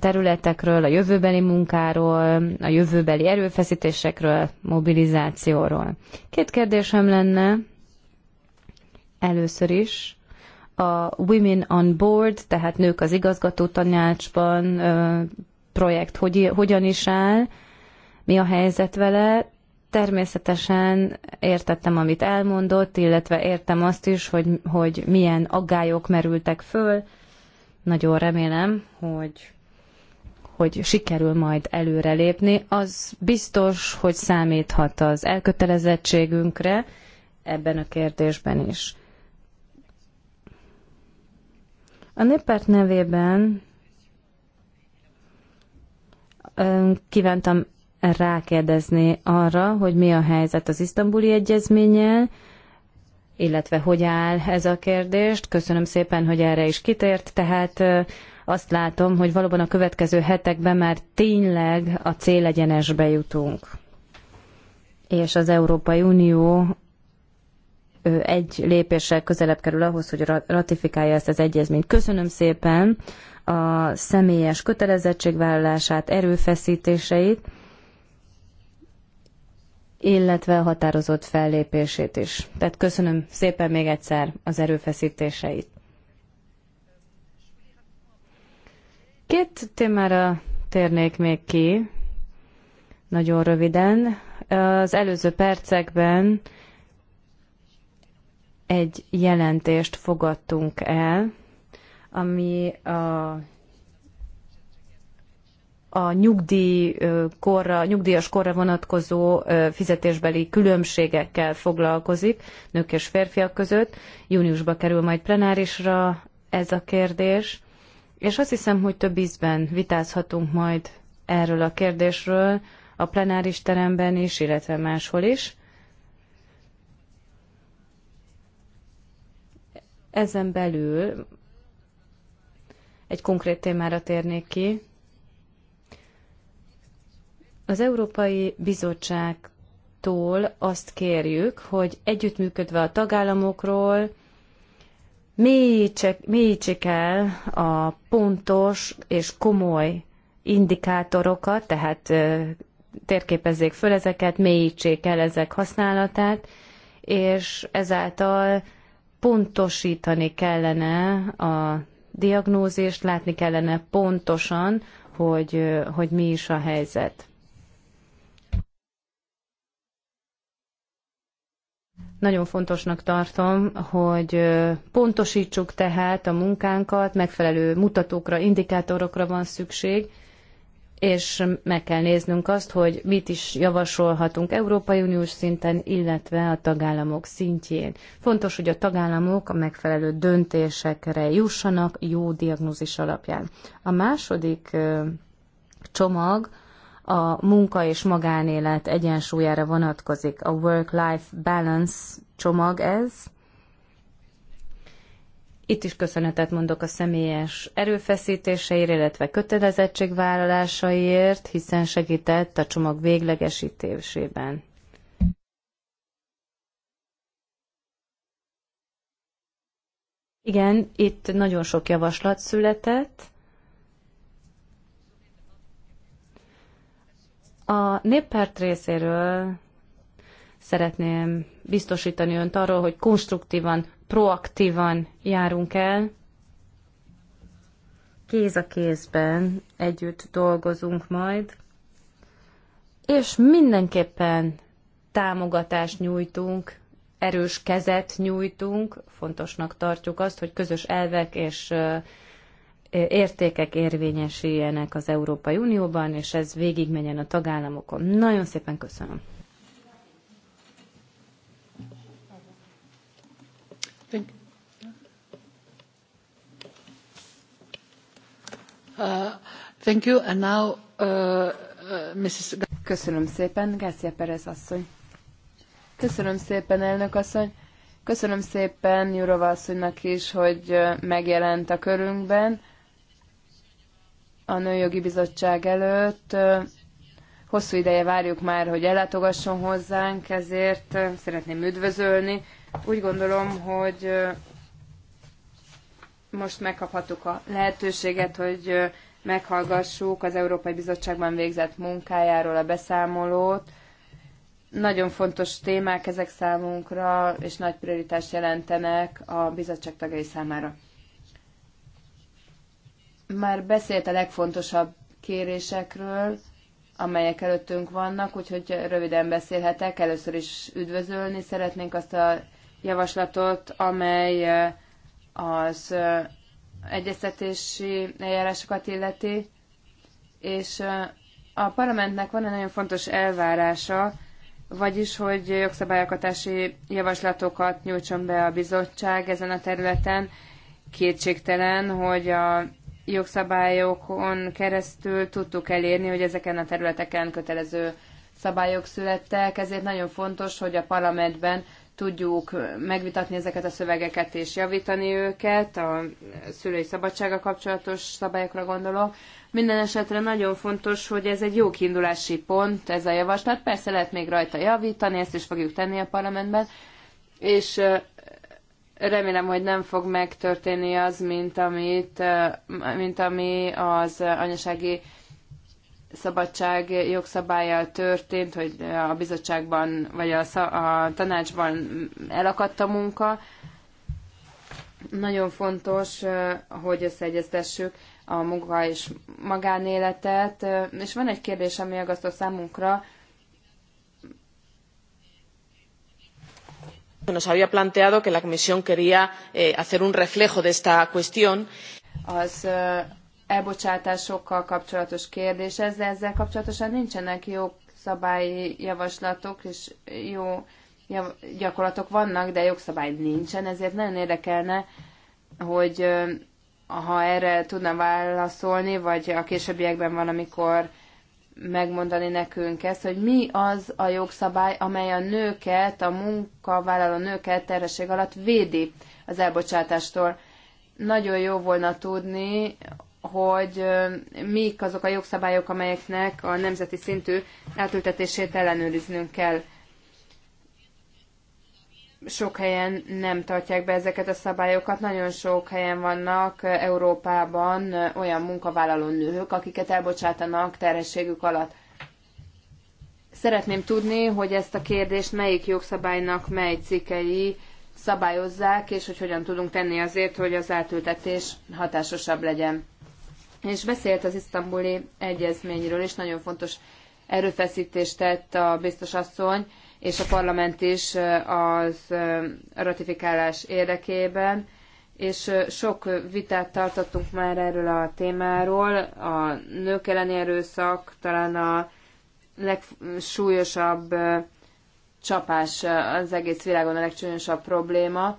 területekről, a jövőbeli munkáról, a jövőbeli erőfeszítésekről, mobilizációról. Két kérdésem lenne először is. A Women on Board, tehát nők az igazgató tanácsban projekt hogy, hogyan is áll, mi a helyzet vele. Természetesen értettem, amit elmondott, illetve értem azt is, hogy, hogy milyen aggályok merültek föl, nagyon remélem, hogy hogy sikerül majd előrelépni, az biztos, hogy számíthat az elkötelezettségünkre ebben a kérdésben is. A néppárt nevében kívántam rákérdezni arra, hogy mi a helyzet az isztambuli egyezménnyel, illetve hogy áll ez a kérdést. Köszönöm szépen, hogy erre is kitért. Tehát azt látom, hogy valóban a következő hetekben már tényleg a célegyenesbe jutunk. És az Európai Unió egy lépéssel közelebb kerül ahhoz, hogy ratifikálja ezt az egyezményt. Köszönöm szépen a személyes kötelezettségvállalását, erőfeszítéseit illetve a határozott fellépését is. Tehát köszönöm szépen még egyszer az erőfeszítéseit. Két témára térnék még ki, nagyon röviden. Az előző percekben egy jelentést fogadtunk el, ami a a korra nyugdíjas korra vonatkozó fizetésbeli különbségekkel foglalkozik nők és férfiak között. Júniusban kerül majd plenárisra ez a kérdés, és azt hiszem, hogy több ízben vitázhatunk majd erről a kérdésről a plenáris teremben is, illetve máshol is. Ezen belül egy konkrét témára térnék ki, az Európai Bizottságtól azt kérjük, hogy együttműködve a tagállamokról mélyítsék, mélyítsék el a pontos és komoly indikátorokat, tehát térképezzék föl ezeket, mélyítsék el ezek használatát, és ezáltal pontosítani kellene a diagnózist, látni kellene pontosan, hogy, hogy mi is a helyzet. Nagyon fontosnak tartom, hogy pontosítsuk tehát a munkánkat, megfelelő mutatókra, indikátorokra van szükség, és meg kell néznünk azt, hogy mit is javasolhatunk Európai Uniós szinten, illetve a tagállamok szintjén. Fontos, hogy a tagállamok a megfelelő döntésekre jussanak jó diagnózis alapján. A második csomag a munka és magánélet egyensúlyára vonatkozik. A work-life balance csomag ez. Itt is köszönetet mondok a személyes erőfeszítéseire, illetve kötelezettségvállalásaiért, hiszen segített a csomag véglegesítésében. Igen, itt nagyon sok javaslat született, A néppárt részéről szeretném biztosítani önt arról, hogy konstruktívan, proaktívan járunk el. Kéz a kézben együtt dolgozunk majd, és mindenképpen támogatást nyújtunk, erős kezet nyújtunk, fontosnak tartjuk azt, hogy közös elvek és értékek érvényesüljenek az Európai Unióban, és ez végigmenjen a tagállamokon. Nagyon szépen köszönöm. Thank you. Uh, thank you. And now, uh, uh Mrs. Köszönöm szépen, Gácia Perez asszony. Köszönöm szépen, elnök asszony. Köszönöm szépen Jurova asszonynak is, hogy uh, megjelent a körünkben a Nőjogi Bizottság előtt. Hosszú ideje várjuk már, hogy ellátogasson hozzánk, ezért szeretném üdvözölni. Úgy gondolom, hogy most megkaphattuk a lehetőséget, hogy meghallgassuk az Európai Bizottságban végzett munkájáról a beszámolót. Nagyon fontos témák ezek számunkra, és nagy prioritást jelentenek a bizottság tagjai számára már beszélt a legfontosabb kérésekről, amelyek előttünk vannak, úgyhogy röviden beszélhetek. Először is üdvözölni szeretnénk azt a javaslatot, amely eh, az eh, egyeztetési eljárásokat illeti, és eh, a parlamentnek van egy nagyon fontos elvárása, vagyis, hogy jogszabályokatási javaslatokat nyújtson be a bizottság ezen a területen. Kétségtelen, hogy a jogszabályokon keresztül tudtuk elérni, hogy ezeken a területeken kötelező szabályok születtek, ezért nagyon fontos, hogy a parlamentben tudjuk megvitatni ezeket a szövegeket és javítani őket, a szülői szabadsága kapcsolatos szabályokra gondolok. Minden esetre nagyon fontos, hogy ez egy jó kiindulási pont, ez a javaslat. Persze lehet még rajta javítani, ezt is fogjuk tenni a parlamentben, és Remélem, hogy nem fog megtörténni az, mint, amit, mint ami az anyasági szabadság jogszabályjal történt, hogy a bizottságban vagy a, a tanácsban elakadt a munka. Nagyon fontos, hogy összeegyeztessük a munka és magánéletet. És van egy kérdés, ami aggasztó számunkra, Nos había planteado que la Comisión quería eh, hacer un reflejo de esta cuestión. Az elbocsátásokkal kapcsolatos kérdés, ez, de ezzel kapcsolatosan nincsenek jó szabályi javaslatok, és jó gyakorlatok vannak, de jogszabály nincsen, ezért nagyon érdekelne, hogy ha erre tudna válaszolni, vagy a későbbiekben valamikor megmondani nekünk ezt, hogy mi az a jogszabály, amely a nőket, a munkavállaló nőket terhesség alatt védi az elbocsátástól. Nagyon jó volna tudni, hogy mik azok a jogszabályok, amelyeknek a nemzeti szintű eltültetését ellenőriznünk kell sok helyen nem tartják be ezeket a szabályokat. Nagyon sok helyen vannak eh, Európában eh, olyan munkavállaló nők, akiket elbocsátanak terhességük alatt. Szeretném tudni, hogy ezt a kérdést melyik jogszabálynak mely cikkei szabályozzák, és hogy hogyan tudunk tenni azért, hogy az átültetés hatásosabb legyen. És beszélt az isztambuli egyezményről, és nagyon fontos erőfeszítést tett a biztos asszony, és a parlament is az ratifikálás érdekében, és sok vitát tartottunk már erről a témáról, a nők elleni erőszak talán a legsúlyosabb csapás az egész világon a legcsúlyosabb probléma.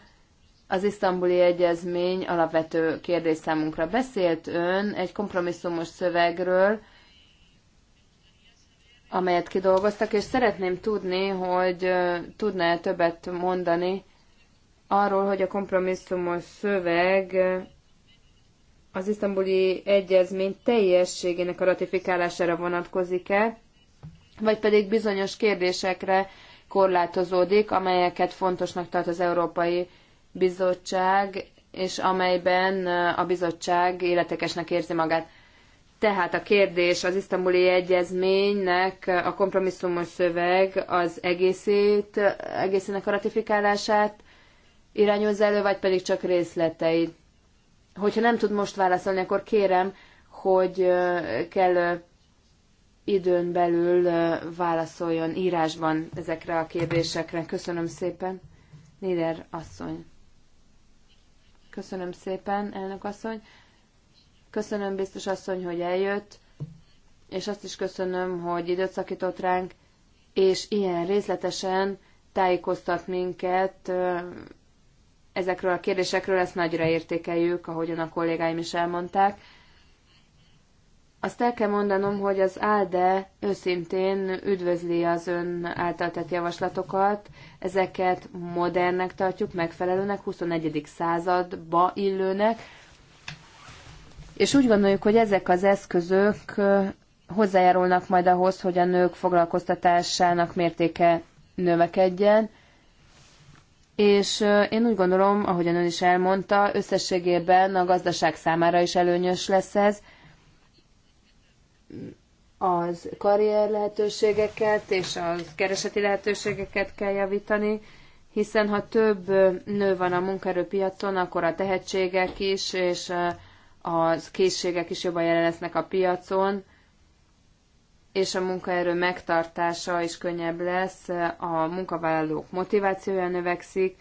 Az isztambuli egyezmény alapvető kérdés számunkra beszélt ön egy kompromisszumos szövegről, amelyet kidolgoztak, és szeretném tudni, hogy tudná-e többet mondani arról, hogy a kompromisszumos szöveg az isztambuli egyezmény teljességének a ratifikálására vonatkozik-e, vagy pedig bizonyos kérdésekre korlátozódik, amelyeket fontosnak tart az Európai Bizottság, és amelyben a bizottság életekesnek érzi magát. Tehát a kérdés az isztambuli egyezménynek a kompromisszumos szöveg az egészét, egészének a ratifikálását irányozza elő, vagy pedig csak részleteit. Hogyha nem tud most válaszolni, akkor kérem, hogy kell időn belül válaszoljon írásban ezekre a kérdésekre. Köszönöm szépen. Nieder asszony. Köszönöm szépen, elnök asszony. Köszönöm biztos asszony, hogy eljött, és azt is köszönöm, hogy időt szakított ránk, és ilyen részletesen tájékoztat minket ezekről a kérdésekről, ezt nagyra értékeljük, ahogyan a kollégáim is elmondták. Azt el kell mondanom, hogy az ALDE őszintén üdvözli az ön által tett javaslatokat. Ezeket modernnek tartjuk, megfelelőnek, 21. századba illőnek, és úgy gondoljuk, hogy ezek az eszközök hozzájárulnak majd ahhoz, hogy a nők foglalkoztatásának mértéke növekedjen, és én úgy gondolom, ahogyan ön is elmondta, összességében a gazdaság számára is előnyös lesz ez. Az karrier lehetőségeket és a kereseti lehetőségeket kell javítani, hiszen ha több nő van a munkaerőpiacon, akkor a tehetségek is és az készségek is jobban jelen lesznek a piacon, és a munkaerő megtartása is könnyebb lesz, a munkavállalók motivációja növekszik,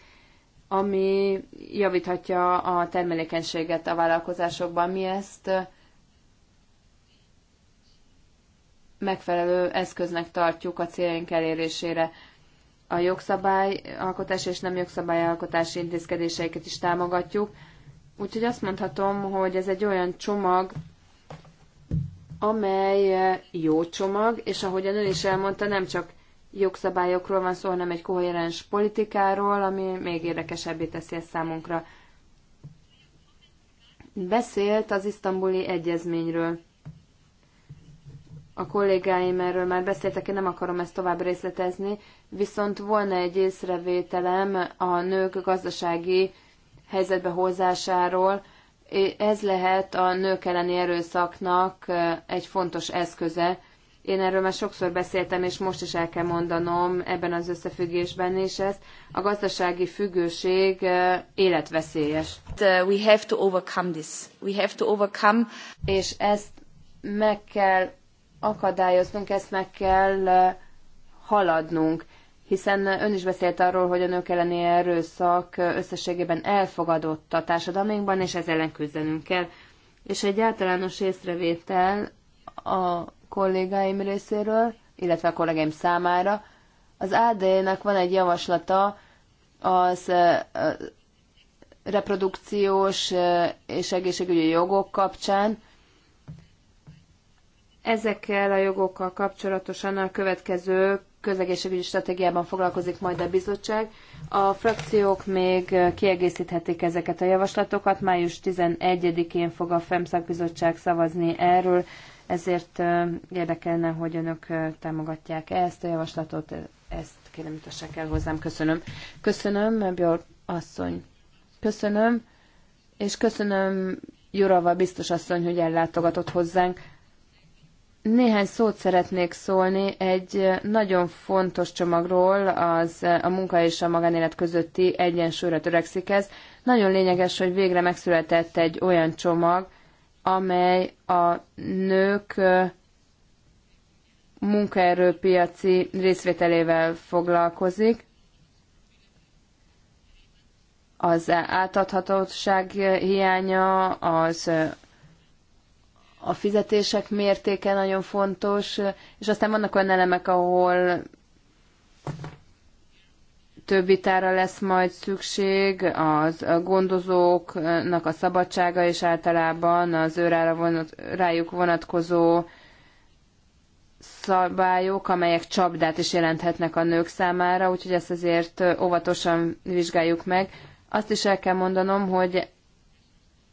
ami javíthatja a termelékenységet a vállalkozásokban. Mi ezt megfelelő eszköznek tartjuk a céljaink elérésére. A jogszabályalkotás és nem jogszabályalkotási intézkedéseiket is támogatjuk, Úgyhogy azt mondhatom, hogy ez egy olyan csomag, amely eh, jó csomag, és ahogy ön is elmondta, nem csak jogszabályokról van szó, hanem egy koherens politikáról, ami még érdekesebbé teszi ezt számunkra. Beszélt az isztambuli egyezményről. A kollégáim erről már beszéltek, én nem akarom ezt tovább részletezni, viszont volna egy észrevételem a nők gazdasági helyzetbe hozásáról. Ez lehet a nők elleni erőszaknak egy fontos eszköze. Én erről már sokszor beszéltem, és most is el kell mondanom ebben az összefüggésben is ezt. A gazdasági függőség életveszélyes. We have to overcome this. We have to overcome. És ezt meg kell akadályoznunk, ezt meg kell haladnunk hiszen ön is beszélt arról, hogy a nők elleni erőszak összességében elfogadott a társadalmunkban, és ez ellen küzdenünk kell. És egy általános észrevétel a kollégáim részéről, illetve a kollégáim számára, az AD-nek van egy javaslata az reprodukciós és egészségügyi jogok kapcsán, ezekkel a jogokkal kapcsolatosan a következő közegészségügyi stratégiában foglalkozik majd a bizottság. A frakciók még kiegészíthetik ezeket a javaslatokat. Május 11-én fog a FEMSZAK bizottság szavazni erről, ezért érdekelne, hogy önök támogatják -e ezt a javaslatot. Ezt kérem, utassák el hozzám. Köszönöm. Köszönöm, Björk asszony. Köszönöm, és köszönöm Jurava biztos asszony, hogy ellátogatott hozzánk néhány szót szeretnék szólni egy nagyon fontos csomagról, az a munka és a magánélet közötti egyensúlyra törekszik ez. Nagyon lényeges, hogy végre megszületett egy olyan csomag, amely a nők munkaerőpiaci részvételével foglalkozik, az átadhatóság hiánya, az a fizetések mértéke nagyon fontos, és aztán vannak olyan elemek, ahol több vitára lesz majd szükség, az a gondozóknak a szabadsága és általában az őrára vonat, rájuk vonatkozó szabályok, amelyek csapdát is jelenthetnek a nők számára, úgyhogy ezt azért óvatosan vizsgáljuk meg. Azt is el kell mondanom, hogy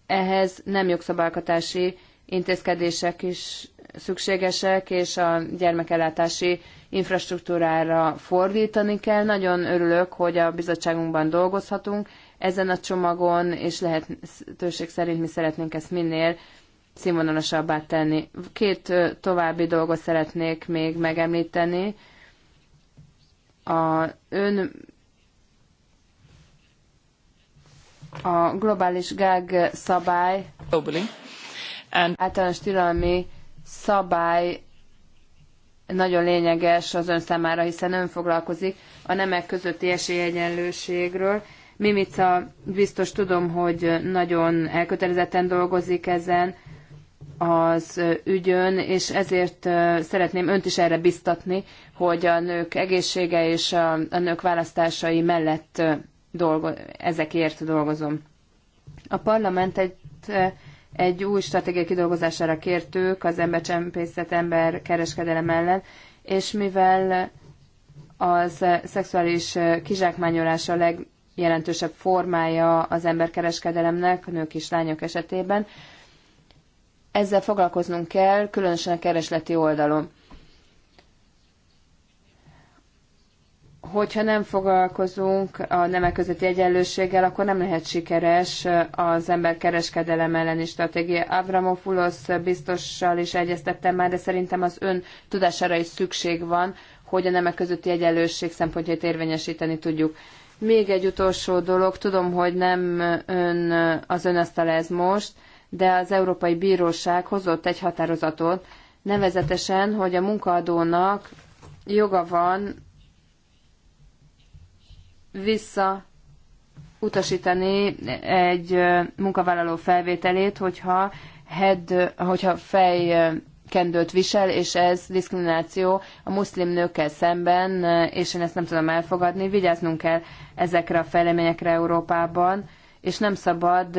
ehhez nem jogszabályokatási intézkedések is szükségesek, és a gyermekellátási infrastruktúrára fordítani kell. Nagyon örülök, hogy a bizottságunkban dolgozhatunk ezen a csomagon, és lehetőség szerint mi szeretnénk ezt minél színvonalasabbá tenni. Két további dolgot szeretnék még megemlíteni. A ön a globális GAG szabály. Globally And... Általános tilalmi szabály nagyon lényeges az ön számára, hiszen ön foglalkozik a nemek közötti esélyegyenlőségről. Mimica, biztos tudom, hogy nagyon elkötelezetten dolgozik ezen az ügyön, és ezért szeretném önt is erre biztatni, hogy a nők egészsége és a, a nők választásai mellett dolgo, ezekért dolgozom. A parlament egy egy új stratégia kidolgozására kértük az embercsempészet, ember kereskedelem ellen, és mivel az szexuális kizsákmányolás a legjelentősebb formája az emberkereskedelemnek, nők és lányok esetében, ezzel foglalkoznunk kell, különösen a keresleti oldalon. hogyha nem foglalkozunk a nemek közötti egyenlőséggel, akkor nem lehet sikeres az emberkereskedelem elleni stratégia. Avramopoulos biztossal is egyeztettem már, de szerintem az ön tudására is szükség van, hogy a nemek közötti egyenlőség szempontjait érvényesíteni tudjuk. Még egy utolsó dolog, tudom, hogy nem ön, az ön azt ez most, de az Európai Bíróság hozott egy határozatot, nevezetesen, hogy a munkaadónak joga van vissza utasítani egy munkavállaló felvételét, hogyha head, hogyha fej kendőt visel, és ez diszkrimináció a muszlim nőkkel szemben, és én ezt nem tudom elfogadni. Vigyáznunk kell ezekre a fejleményekre Európában, és nem szabad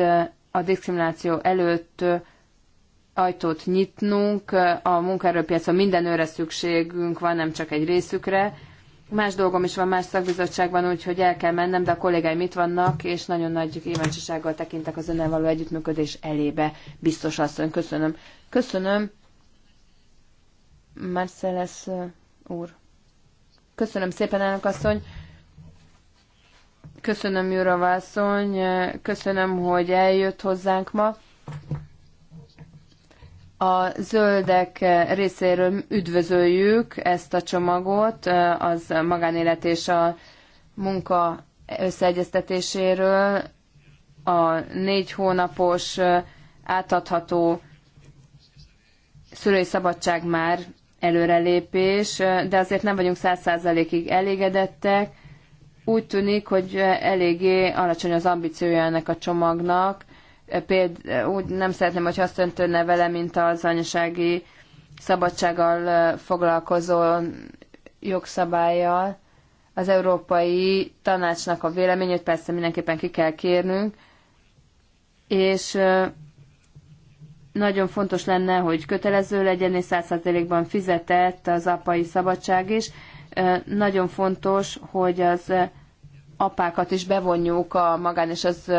a diszkrimináció előtt ajtót nyitnunk, a munkaerőpiacon minden őre szükségünk van, nem csak egy részükre, Más dolgom is van más szakbizottságban, úgyhogy el kell mennem, de a kollégáim itt vannak, és nagyon nagy kíváncsisággal tekintek az önnel való együttműködés elébe. Biztos asszony, köszönöm. Köszönöm, Marcellus úr. Köszönöm szépen, elnök asszony. Köszönöm, Jura asszony. Köszönöm, hogy eljött hozzánk ma. A zöldek részéről üdvözöljük ezt a csomagot, az magánélet és a munka összeegyeztetéséről, a négy hónapos átadható szülői szabadság már előrelépés, de azért nem vagyunk száz százalékig elégedettek. Úgy tűnik, hogy eléggé alacsony az ambíciója ennek a csomagnak, péld, úgy nem szeretném, hogy azt öntönne vele, mint az anyasági szabadsággal foglalkozó jogszabályjal. Az Európai Tanácsnak a véleményét persze mindenképpen ki kell kérnünk, és nagyon fontos lenne, hogy kötelező legyen, és százszerzelékben ban fizetett az apai szabadság is. Nagyon fontos, hogy az apákat is bevonjuk a magán és az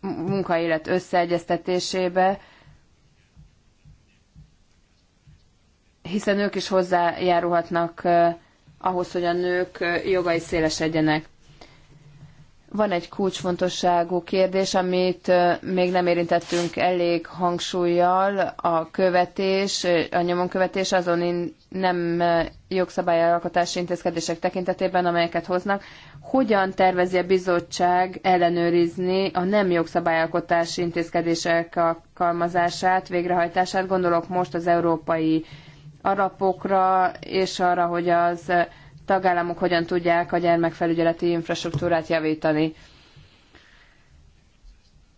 munkaélet összeegyeztetésébe, hiszen ők is hozzájárulhatnak eh, ahhoz, hogy a nők eh, jogai szélesedjenek. Van egy kulcsfontosságú kérdés, amit még nem érintettünk elég hangsúlyjal, a követés, a nyomonkövetés azon nem jogszabályalkotási intézkedések tekintetében, amelyeket hoznak. Hogyan tervezi a bizottság ellenőrizni a nem jogszabályalkotási intézkedések alkalmazását, végrehajtását? Gondolok most az európai arapokra, és arra, hogy az tagállamok hogyan tudják a gyermekfelügyeleti infrastruktúrát javítani.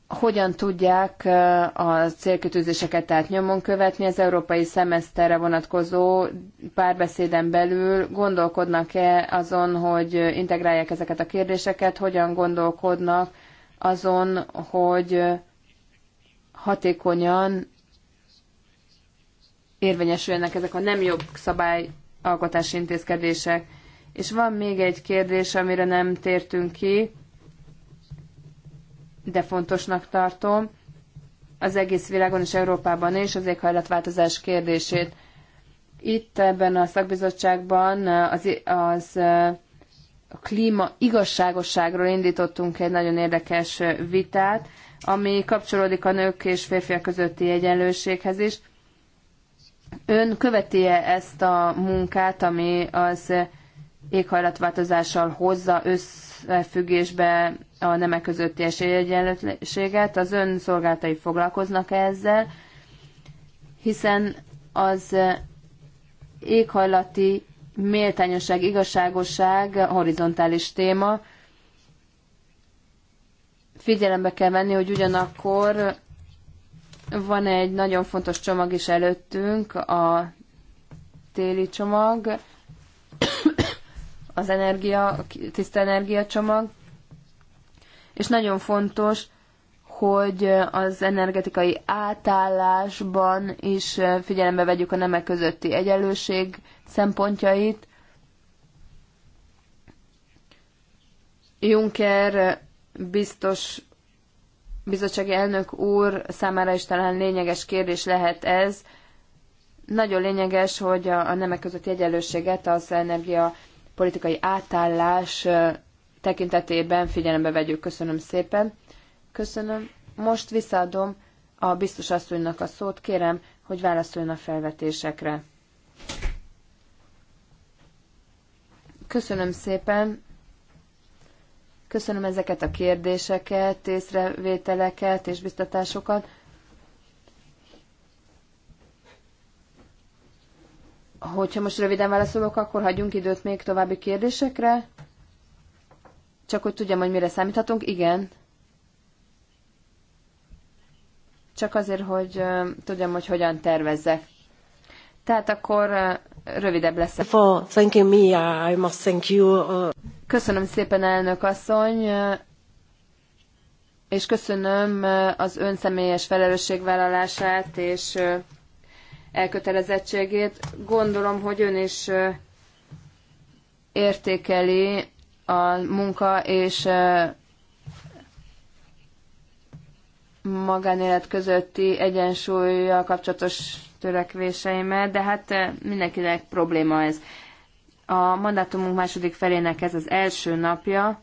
Hogyan tudják a célkötőzéseket tehát nyomon követni az európai szemeszterre vonatkozó párbeszéden belül? Gondolkodnak-e azon, hogy integrálják ezeket a kérdéseket? Hogyan gondolkodnak azon, hogy hatékonyan érvényesüljenek ezek a nem jobb szabályalkotási intézkedések. És van még egy kérdés, amire nem tértünk ki, de fontosnak tartom, az egész világon és Európában is az éghajlatváltozás kérdését. Itt ebben a szakbizottságban az, az a klíma igazságosságról indítottunk egy nagyon érdekes vitát, ami kapcsolódik a nők és férfiak közötti egyenlőséghez is. Ön követi-e ezt a munkát, ami az éghajlatváltozással hozza összefüggésbe a nemek közötti esélyegyenlőséget. Az ön szolgáltai foglalkoznak -e ezzel, hiszen az éghajlati méltányosság, igazságosság horizontális téma. Figyelembe kell venni, hogy ugyanakkor van egy nagyon fontos csomag is előttünk, a téli csomag, az energia, a tiszta energiacsomag, és nagyon fontos, hogy az energetikai átállásban is figyelembe vegyük a nemek közötti egyenlőség szempontjait. Juncker biztos bizottsági elnök úr számára is talán lényeges kérdés lehet ez. Nagyon lényeges, hogy a, a nemek közötti egyenlőséget az energia politikai átállás tekintetében figyelembe vegyük. Köszönöm szépen. Köszönöm. Most visszaadom a biztos asszonynak a szót. Kérem, hogy válaszoljon a felvetésekre. Köszönöm szépen. Köszönöm ezeket a kérdéseket, észrevételeket és biztatásokat. Hogyha most röviden válaszolok, akkor hagyjunk időt még további kérdésekre. Csak hogy tudjam, hogy mire számíthatunk. Igen. Csak azért, hogy tudjam, hogy hogyan tervezzek. Tehát akkor rövidebb lesz. For thanking me, I must thank you. Uh, köszönöm szépen, elnök asszony, és köszönöm az ön személyes felelősségvállalását, és elkötelezettségét. Gondolom, hogy ön is értékeli a munka és magánélet közötti egyensúlya kapcsolatos törekvéseimet, de hát mindenkinek probléma ez. A mandátumunk második felének ez az első napja,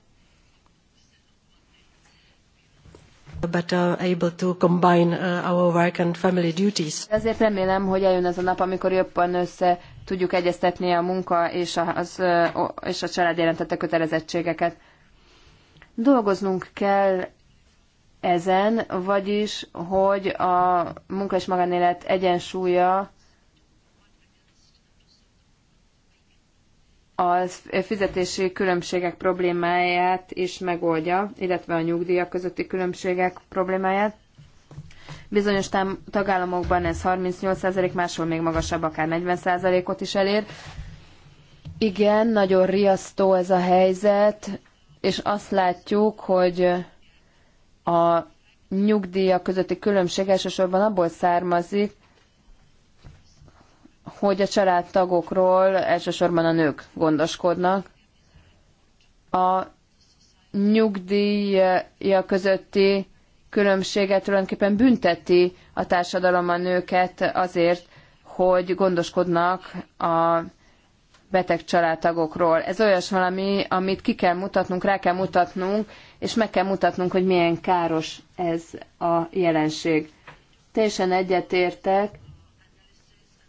better able to combine uh, our work and family duties. Ezért remélem, hogy eljön az a nap, amikor jobban össze tudjuk egyeztetni a munka és a, az, és a család jelentette kötelezettségeket. Dolgoznunk kell ezen, vagyis, hogy a munka és magánélet egyensúlya a fizetési különbségek problémáját is megoldja, illetve a nyugdíjak közötti különbségek problémáját. Bizonyos tagállamokban ez 38%, máshol még magasabb, akár 40%-ot is elér. Igen, nagyon riasztó ez a helyzet, és azt látjuk, hogy a nyugdíjak közötti különbség elsősorban abból származik, hogy a családtagokról elsősorban a nők gondoskodnak. A nyugdíja közötti különbséget tulajdonképpen bünteti a társadalom a nőket azért, hogy gondoskodnak a beteg családtagokról. Ez olyas valami, amit ki kell mutatnunk, rá kell mutatnunk, és meg kell mutatnunk, hogy milyen káros ez a jelenség. Teljesen egyetértek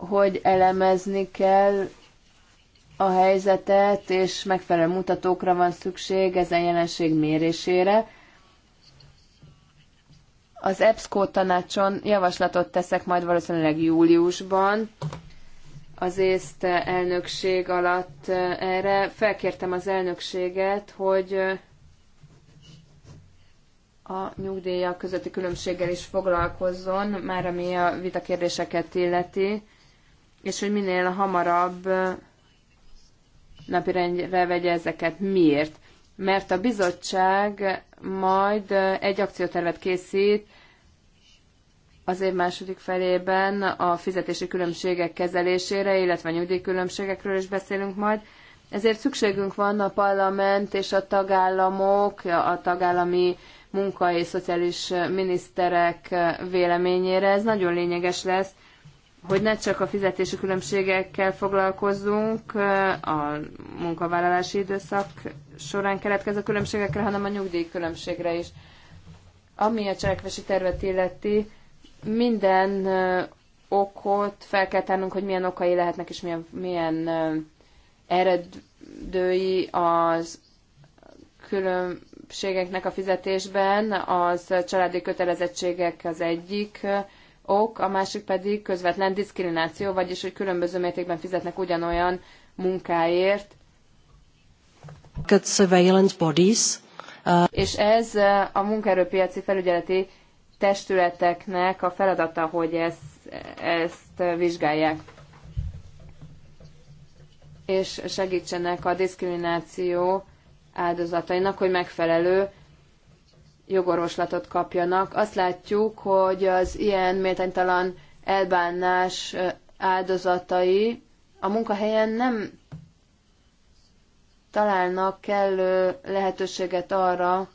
hogy elemezni kell a helyzetet, és megfelelő mutatókra van szükség ezen jelenség mérésére. Az EBSCO tanácson javaslatot teszek majd valószínűleg júliusban, az észt elnökség alatt erre. Felkértem az elnökséget, hogy a nyugdíjak közötti különbséggel is foglalkozzon, már ami a vitakérdéseket illeti és hogy minél hamarabb napirendre vegye ezeket. Miért? Mert a bizottság majd egy akciótervet készít az év második felében a fizetési különbségek kezelésére, illetve nyugdíjkülönbségekről is beszélünk majd. Ezért szükségünk van a parlament és a tagállamok, a tagállami munka és szociális miniszterek véleményére. Ez nagyon lényeges lesz, hogy ne csak a fizetési különbségekkel foglalkozzunk eh, a munkavállalási időszak során keletkező különbségekre, hanem a nyugdíj különbségre is. Ami a cselekvési tervet illeti, minden eh, okot fel kell tennünk, hogy milyen okai lehetnek, és milyen, milyen eh, eredői az különbségeknek a fizetésben. Az családi kötelezettségek az egyik ok, a másik pedig közvetlen diszkrimináció, vagyis hogy különböző mértékben fizetnek ugyanolyan munkáért. Surveillance bodies. Uh, és ez uh, a munkaerőpiaci felügyeleti testületeknek a feladata, hogy ezt, ezt vizsgálják és segítsenek a diszkrimináció áldozatainak, hogy megfelelő jogorvoslatot kapjanak. Azt látjuk, hogy az ilyen méltánytalan elbánás áldozatai a munkahelyen nem találnak kellő lehetőséget arra,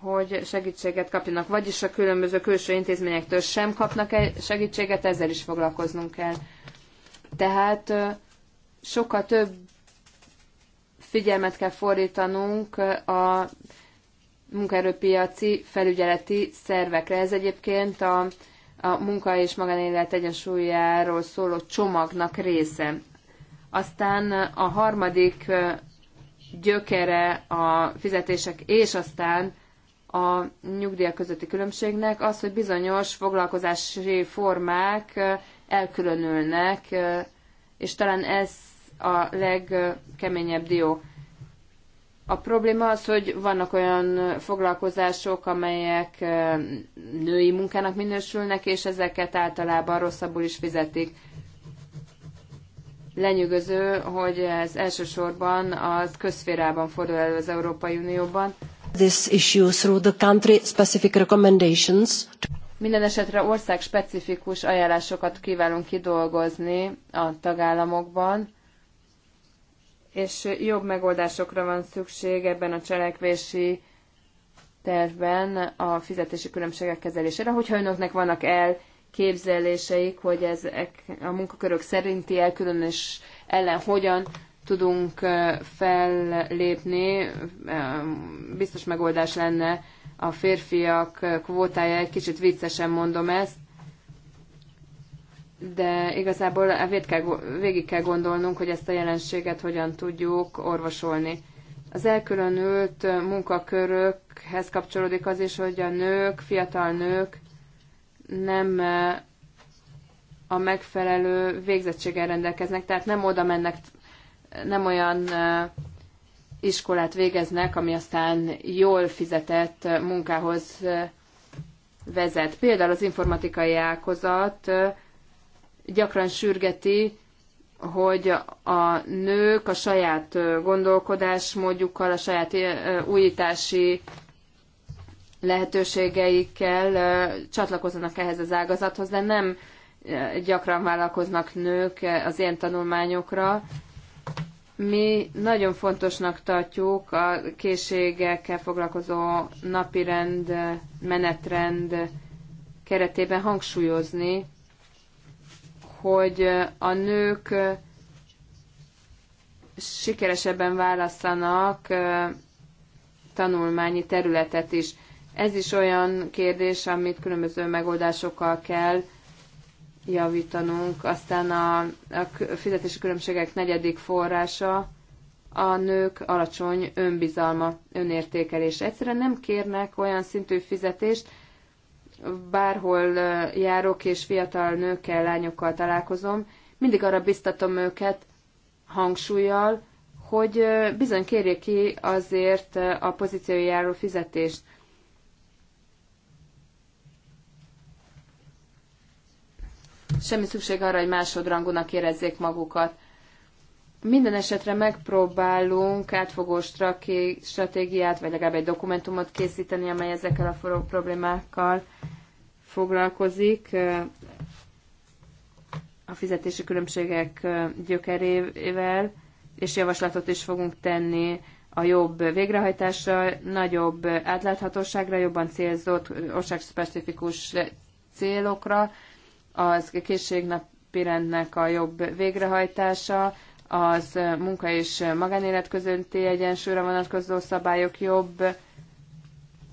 hogy segítséget kapjanak, vagyis a különböző külső intézményektől sem kapnak -e segítséget, ezzel is foglalkoznunk kell. Tehát sokkal több figyelmet kell fordítanunk a munkaerőpiaci felügyeleti szervekre. Ez egyébként a, a munka és magánélet egyensúlyáról szóló csomagnak része. Aztán a harmadik gyökere a fizetések, és aztán a nyugdíjak közötti különbségnek az, hogy bizonyos foglalkozási formák elkülönülnek, és talán ez a legkeményebb dió. A probléma az, hogy vannak olyan foglalkozások, amelyek női munkának minősülnek, és ezeket általában rosszabbul is fizetik. Lenyűgöző, hogy ez elsősorban a közférában fordul elő az Európai Unióban. This issue through the country specific recommendations. Minden esetre ország specifikus ajánlásokat kívánunk kidolgozni a tagállamokban és jobb megoldásokra van szükség ebben a cselekvési tervben a fizetési különbségek kezelésére. Hogyha önöknek vannak el képzeléseik, hogy ezek a munkakörök szerinti elkülönés ellen hogyan tudunk fellépni, biztos megoldás lenne a férfiak kvótája, egy kicsit viccesen mondom ezt, de igazából kell, végig kell gondolnunk, hogy ezt a jelenséget hogyan tudjuk orvosolni. Az elkülönült munkakörökhez kapcsolódik az is, hogy a nők, fiatal nők nem eh, a megfelelő végzettséggel rendelkeznek, tehát nem oda mennek, nem olyan eh, iskolát végeznek, ami aztán jól fizetett eh, munkához vezet. Például az informatikai ákozat, gyakran sürgeti, hogy a nők a saját gondolkodásmódjukkal, a saját újítási lehetőségeikkel csatlakozzanak ehhez az ágazathoz, de nem gyakran vállalkoznak nők az ilyen tanulmányokra. Mi nagyon fontosnak tartjuk a készségekkel foglalkozó napirend, menetrend keretében hangsúlyozni, hogy a nők sikeresebben választanak tanulmányi területet is. Ez is olyan kérdés, amit különböző megoldásokkal kell javítanunk. Aztán a, a fizetési különbségek negyedik forrása a nők alacsony önbizalma, önértékelés. Egyszerűen nem kérnek olyan szintű fizetést, bárhol járok és fiatal nőkkel, lányokkal találkozom, mindig arra biztatom őket hangsúlyjal, hogy bizony kérjék ki azért a pozíciójáró fizetést. Semmi szükség arra, hogy másodrangúnak érezzék magukat. Minden esetre megpróbálunk átfogó stratégiát, vagy legalább egy dokumentumot készíteni, amely ezekkel a problémákkal foglalkozik. A fizetési különbségek gyökerével, és javaslatot is fogunk tenni a jobb végrehajtásra, nagyobb átláthatóságra, jobban célzott országspecifikus célokra, az rendnek a jobb végrehajtása, az munka és magánélet közötti egyensúlyra vonatkozó szabályok jobb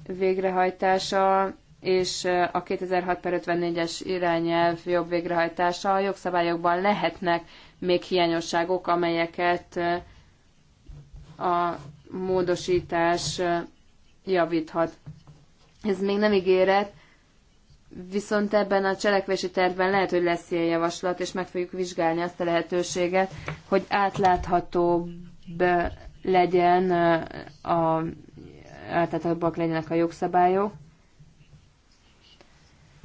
végrehajtása, és a 2006 per 54-es irányelv jobb végrehajtása a jogszabályokban lehetnek még hiányosságok, amelyeket a módosítás javíthat. Ez még nem ígéret, Viszont ebben a cselekvési tervben lehet, hogy lesz ilyen javaslat, és meg fogjuk vizsgálni azt a lehetőséget, hogy átláthatóbb legyen a, átláthatóbbak legyenek a jogszabályok,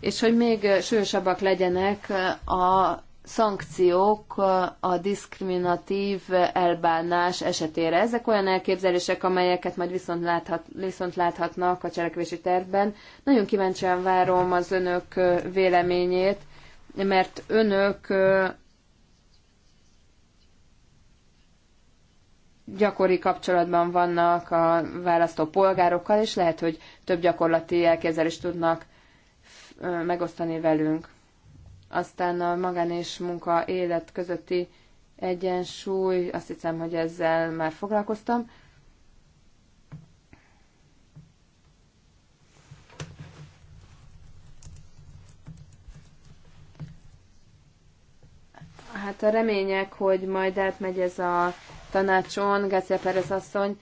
és hogy még súlyosabbak legyenek a szankciók a diszkriminatív elbánás esetére. Ezek olyan elképzelések, amelyeket majd viszont, láthat, viszont láthatnak a cselekvési tervben. Nagyon kíváncsian várom az önök véleményét, mert önök gyakori kapcsolatban vannak a választó polgárokkal, és lehet, hogy több gyakorlati elképzelést tudnak megosztani velünk. Aztán a magán és munka élet közötti egyensúly, azt hiszem, hogy ezzel már foglalkoztam. Hát a remények, hogy majd átmegy ez a tanácson, Gácia Perez asszony,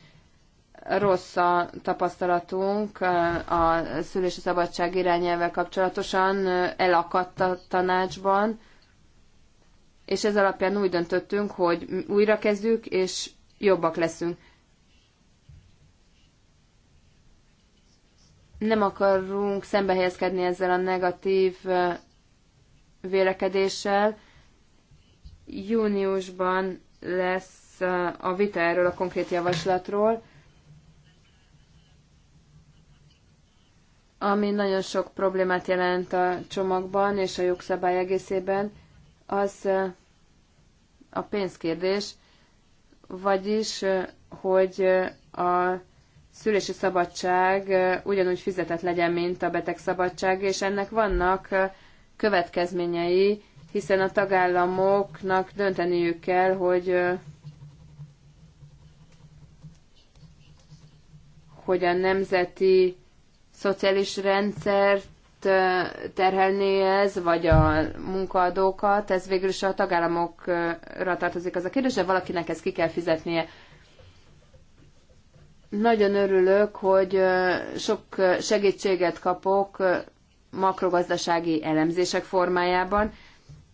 rossz a tapasztalatunk a szülési szabadság irányelvvel kapcsolatosan, elakadt a tanácsban, és ez alapján úgy döntöttünk, hogy újra kezdjük, és jobbak leszünk. Nem akarunk szembehelyezkedni ezzel a negatív vélekedéssel. Júniusban lesz a vita erről a konkrét javaslatról, ami nagyon sok problémát jelent a csomagban és a jogszabály egészében, az a pénzkérdés, vagyis, hogy a szülési szabadság ugyanúgy fizetett legyen, mint a beteg szabadság, és ennek vannak következményei, hiszen a tagállamoknak dönteniük kell, hogy hogy a nemzeti szociális rendszert terhelné ez, vagy a munkaadókat, ez végül is a tagállamokra tartozik az a kérdés, de valakinek ezt ki kell fizetnie. Nagyon örülök, hogy sok segítséget kapok makrogazdasági elemzések formájában,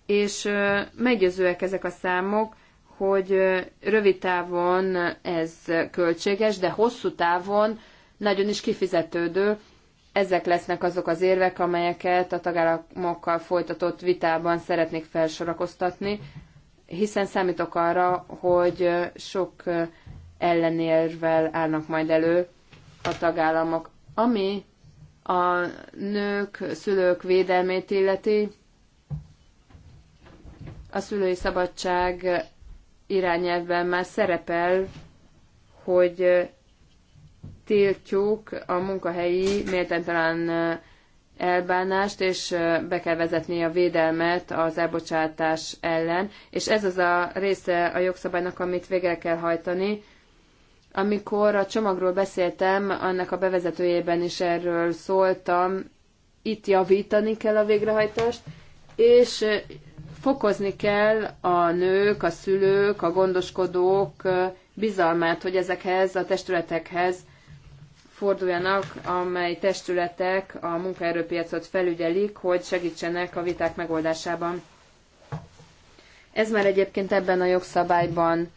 és meggyőzőek ezek a számok, hogy rövid távon ez költséges, de hosszú távon nagyon is kifizetődő, ezek lesznek azok az érvek, amelyeket a tagállamokkal folytatott vitában szeretnék felsorakoztatni, hiszen számítok arra, hogy sok ellenérvel állnak majd elő a tagállamok. Ami a nők, szülők védelmét illeti, a szülői szabadság irányelvben már szerepel, hogy tiltjuk a munkahelyi méltánytalan elbánást, és be kell vezetni a védelmet az elbocsátás ellen, és ez az a része a jogszabálynak, amit végre kell hajtani. Amikor a csomagról beszéltem, annak a bevezetőjében is erről szóltam, itt javítani kell a végrehajtást, és fokozni kell a nők, a szülők, a gondoskodók bizalmát, hogy ezekhez a testületekhez forduljanak, amely testületek a munkaerőpiacot felügyelik, hogy segítsenek a viták megoldásában. Ez már egyébként ebben a jogszabályban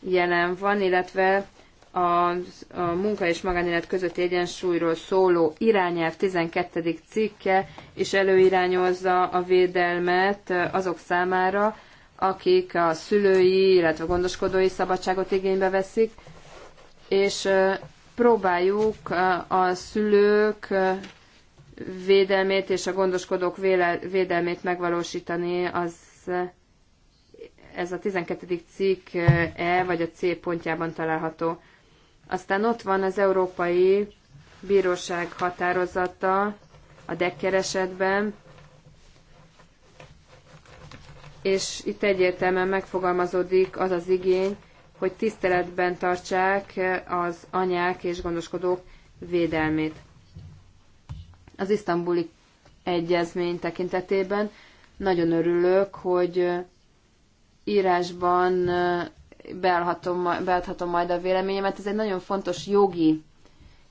jelen van, illetve a, a munka és magánélet közötti egyensúlyról szóló irányelv 12. cikke is előirányozza a védelmet azok számára, akik a szülői, illetve gondoskodói szabadságot igénybe veszik, és próbáljuk a szülők védelmét és a gondoskodók védelmét megvalósítani, az ez a 12. cikk E vagy a C pontjában található. Aztán ott van az Európai Bíróság határozata a Dekker esetben, és itt egyértelműen megfogalmazódik az az igény, hogy tiszteletben tartsák az anyák és gondoskodók védelmét. Az isztambuli egyezmény tekintetében nagyon örülök, hogy írásban beadhatom, beadhatom majd a véleményemet. Ez egy nagyon fontos jogi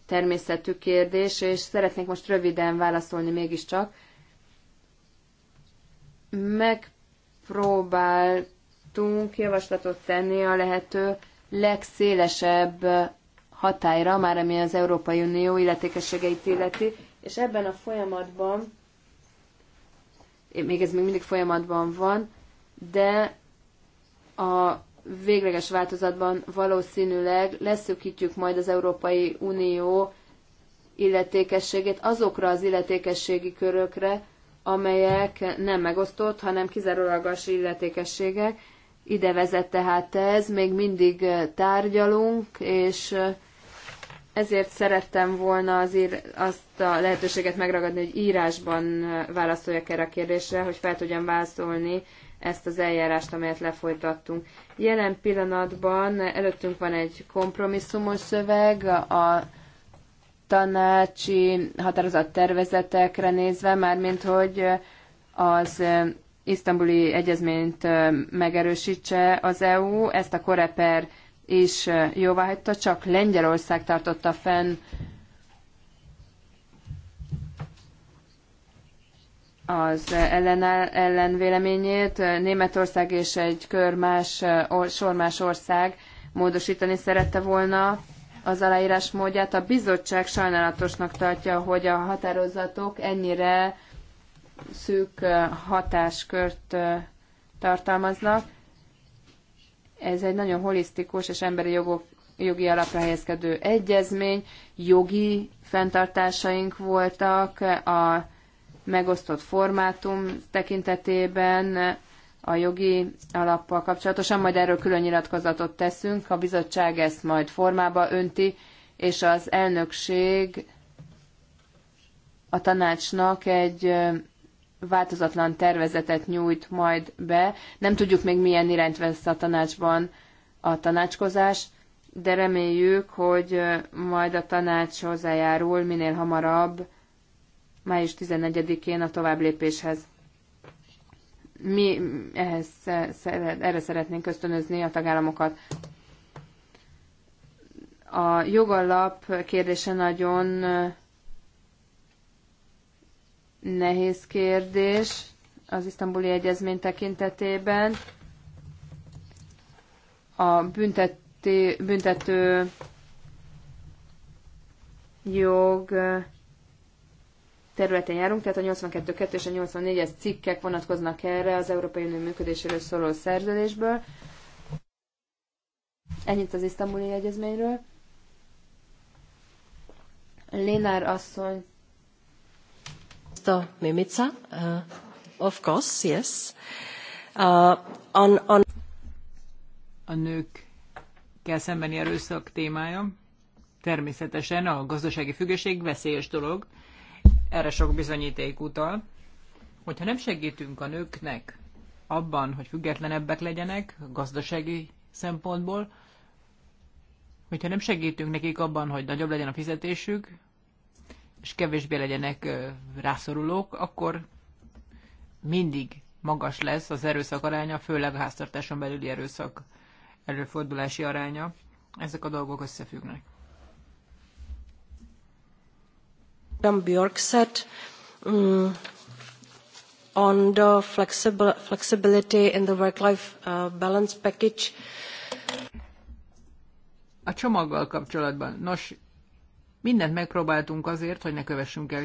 természetű kérdés, és szeretnék most röviden válaszolni mégiscsak. Megpróbál tudtunk javaslatot tenni a lehető legszélesebb hatályra, már ami az Európai Unió illetékességeit illeti, és ebben a folyamatban, még ez még mindig folyamatban van, de a végleges változatban valószínűleg leszűkítjük majd az Európai Unió illetékességét azokra az illetékességi körökre, amelyek nem megosztott, hanem kizárólagos illetékességek, ide vezet tehát ez, még mindig tárgyalunk, és ezért szerettem volna az ír, azt a lehetőséget megragadni, hogy írásban válaszoljak erre a kérdésre, hogy fel tudjam válaszolni ezt az eljárást, amelyet lefolytattunk. Jelen pillanatban előttünk van egy kompromisszumos szöveg, a tanácsi határozat tervezetekre nézve, mármint hogy az isztambuli egyezményt megerősítse az EU. Ezt a Koreper is jóváhagyta, csak Lengyelország tartotta fenn az ellen, ellenvéleményét. Németország és egy kör más, sor más ország módosítani szerette volna az aláírás módját. A bizottság sajnálatosnak tartja, hogy a határozatok ennyire szűk hatáskört tartalmaznak. Ez egy nagyon holisztikus és emberi jogok, jogi alapra helyezkedő egyezmény, jogi fenntartásaink voltak a megosztott formátum tekintetében, a jogi alappal kapcsolatosan, majd erről külön nyilatkozatot teszünk, a bizottság ezt majd formába önti, és az elnökség a tanácsnak egy változatlan tervezetet nyújt majd be. Nem tudjuk még milyen irányt vesz a tanácsban a tanácskozás, de reméljük, hogy majd a tanács hozzájárul minél hamarabb, május 14-én a tovább lépéshez. Mi ehhez, erre szeretnénk ösztönözni a tagállamokat. A jogalap kérdése nagyon nehéz kérdés az isztambuli egyezmény tekintetében. A büntető, büntető jog területen járunk, tehát a 82.2 és a 84-es cikkek vonatkoznak erre az Európai Unió működéséről szóló szerződésből. Ennyit az isztambuli egyezményről. Lénár asszony Mr. Mimica? Uh, of course, yes. Uh, on, on... A nőkkel szembeni erőszak témája természetesen a gazdasági függőség veszélyes dolog. Erre sok bizonyíték utal. Hogyha nem segítünk a nőknek abban, hogy függetlenebbek legyenek gazdasági szempontból, hogyha nem segítünk nekik abban, hogy nagyobb legyen a fizetésük, és kevésbé legyenek rászorulók, akkor mindig magas lesz az erőszak aránya, főleg a háztartáson belüli erőszak előfordulási aránya. Ezek a dolgok összefüggnek. Björk said, um, on the flexible, flexibility in the work-life uh, balance package. A csomaggal kapcsolatban. Nos, mindent megpróbáltunk azért, hogy ne kövessünk el,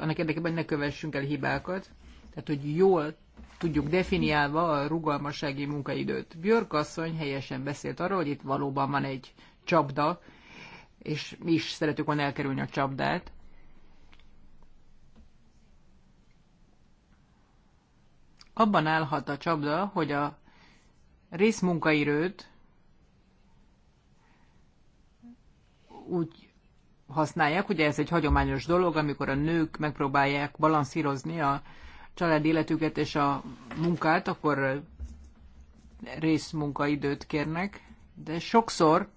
annak érdekében, hogy ne kövessünk el hibákat, tehát hogy jól tudjuk definiálva a rugalmassági munkaidőt. Björk asszony helyesen beszélt arról, hogy itt valóban van egy csapda, és mi is szeretük volna elkerülni a csapdát. Abban állhat a csapda, hogy a részmunkaidőt úgy használják. Ugye ez egy hagyományos dolog, amikor a nők megpróbálják balanszírozni a család életüket és a munkát, akkor részmunkaidőt kérnek, de sokszor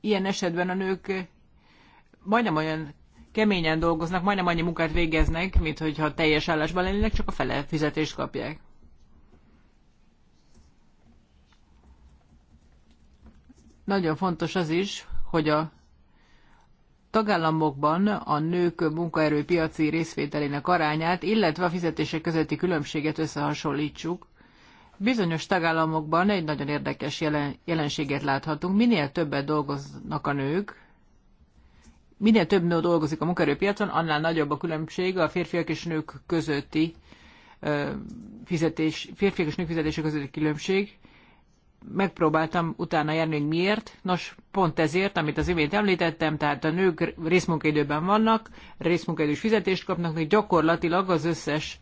ilyen esetben a nők majdnem olyan keményen dolgoznak, majdnem annyi munkát végeznek, mint hogyha teljes állásban lennének, csak a fele fizetést kapják. Nagyon fontos az is, hogy a tagállamokban a nők munkaerőpiaci részvételének arányát, illetve a fizetések közötti különbséget összehasonlítsuk, bizonyos tagállamokban egy nagyon érdekes jelen, jelenséget láthatunk. Minél többet dolgoznak a nők, minél több nő dolgozik a munkaerőpiacon, annál nagyobb a különbség a férfiak és nők közötti fizetés, férfiak és nők fizetése közötti különbség megpróbáltam utána járni, hogy miért. Nos, pont ezért, amit az imént említettem, tehát a nők részmunkaidőben vannak, részmunkaidős fizetést kapnak, de gyakorlatilag az összes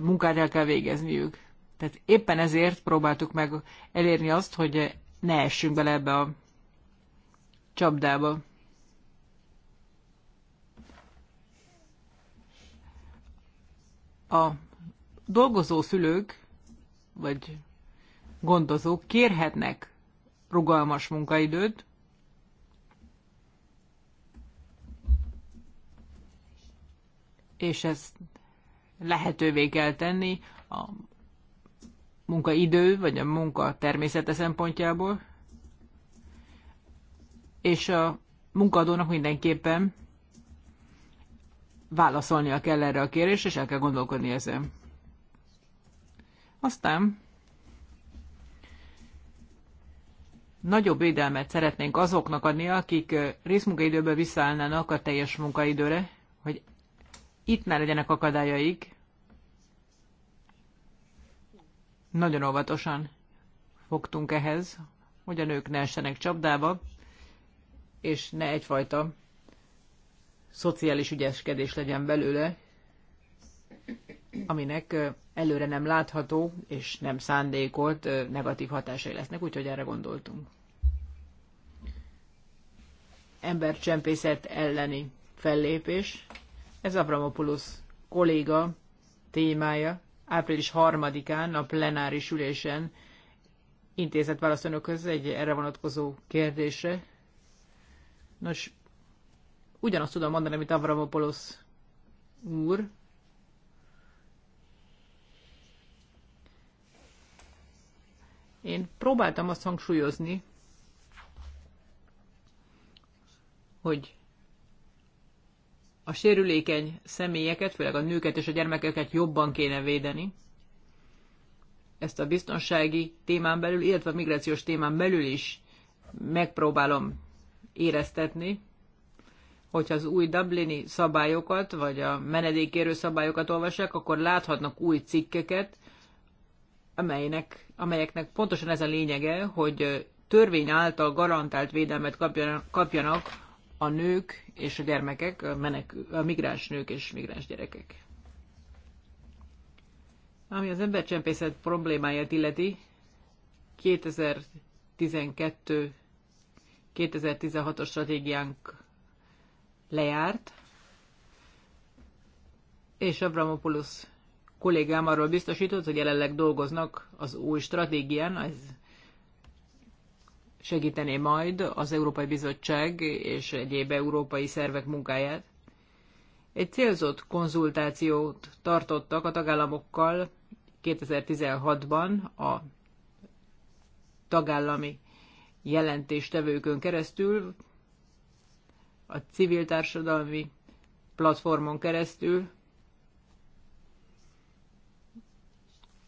munkát el kell végezniük. Tehát éppen ezért próbáltuk meg elérni azt, hogy ne essünk bele ebbe a csapdába. A dolgozó szülők, vagy gondozók kérhetnek rugalmas munkaidőt, és ezt lehetővé kell tenni a munkaidő, vagy a munka természete szempontjából, és a munkadónak mindenképpen válaszolnia kell erre a kérésre, és el kell gondolkodni ezen. Aztán nagyobb védelmet szeretnénk azoknak adni, akik részmunkaidőből visszaállnának a teljes munkaidőre, hogy itt ne legyenek akadályaik. Nagyon óvatosan fogtunk ehhez, hogy a nők ne essenek csapdába, és ne egyfajta szociális ügyeskedés legyen belőle, aminek előre nem látható és nem szándékolt negatív hatásai lesznek, úgyhogy erre gondoltunk. Embercsempészet elleni fellépés. Ez Abramopoulos kolléga témája. Április 3-án a plenáris ülésen intézett választ önökhöz egy erre vonatkozó kérdésre. Nos, ugyanazt tudom mondani, amit Avramopoulos úr, Én próbáltam azt hangsúlyozni, hogy a sérülékeny személyeket, főleg a nőket és a gyermekeket jobban kéne védeni. Ezt a biztonsági témán belül, illetve a migrációs témán belül is megpróbálom éreztetni, hogyha az új Dublini szabályokat, vagy a menedékérő szabályokat olvassák, akkor láthatnak új cikkeket, amelynek, amelyeknek pontosan ez a lényege, hogy törvény által garantált védelmet kapjanak, kapjanak a nők és a gyermekek, a, menek, a migráns nők és migráns gyerekek. Ami az embercsempészet problémáját illeti, 2012 2016-os stratégiánk lejárt, és Abramopoulos kollégám arról biztosított, hogy jelenleg dolgoznak az új stratégián, ez segítené majd az Európai Bizottság és egyéb európai szervek munkáját. Egy célzott konzultációt tartottak a tagállamokkal 2016-ban a tagállami jelentéstevőkön keresztül, a civil társadalmi platformon keresztül,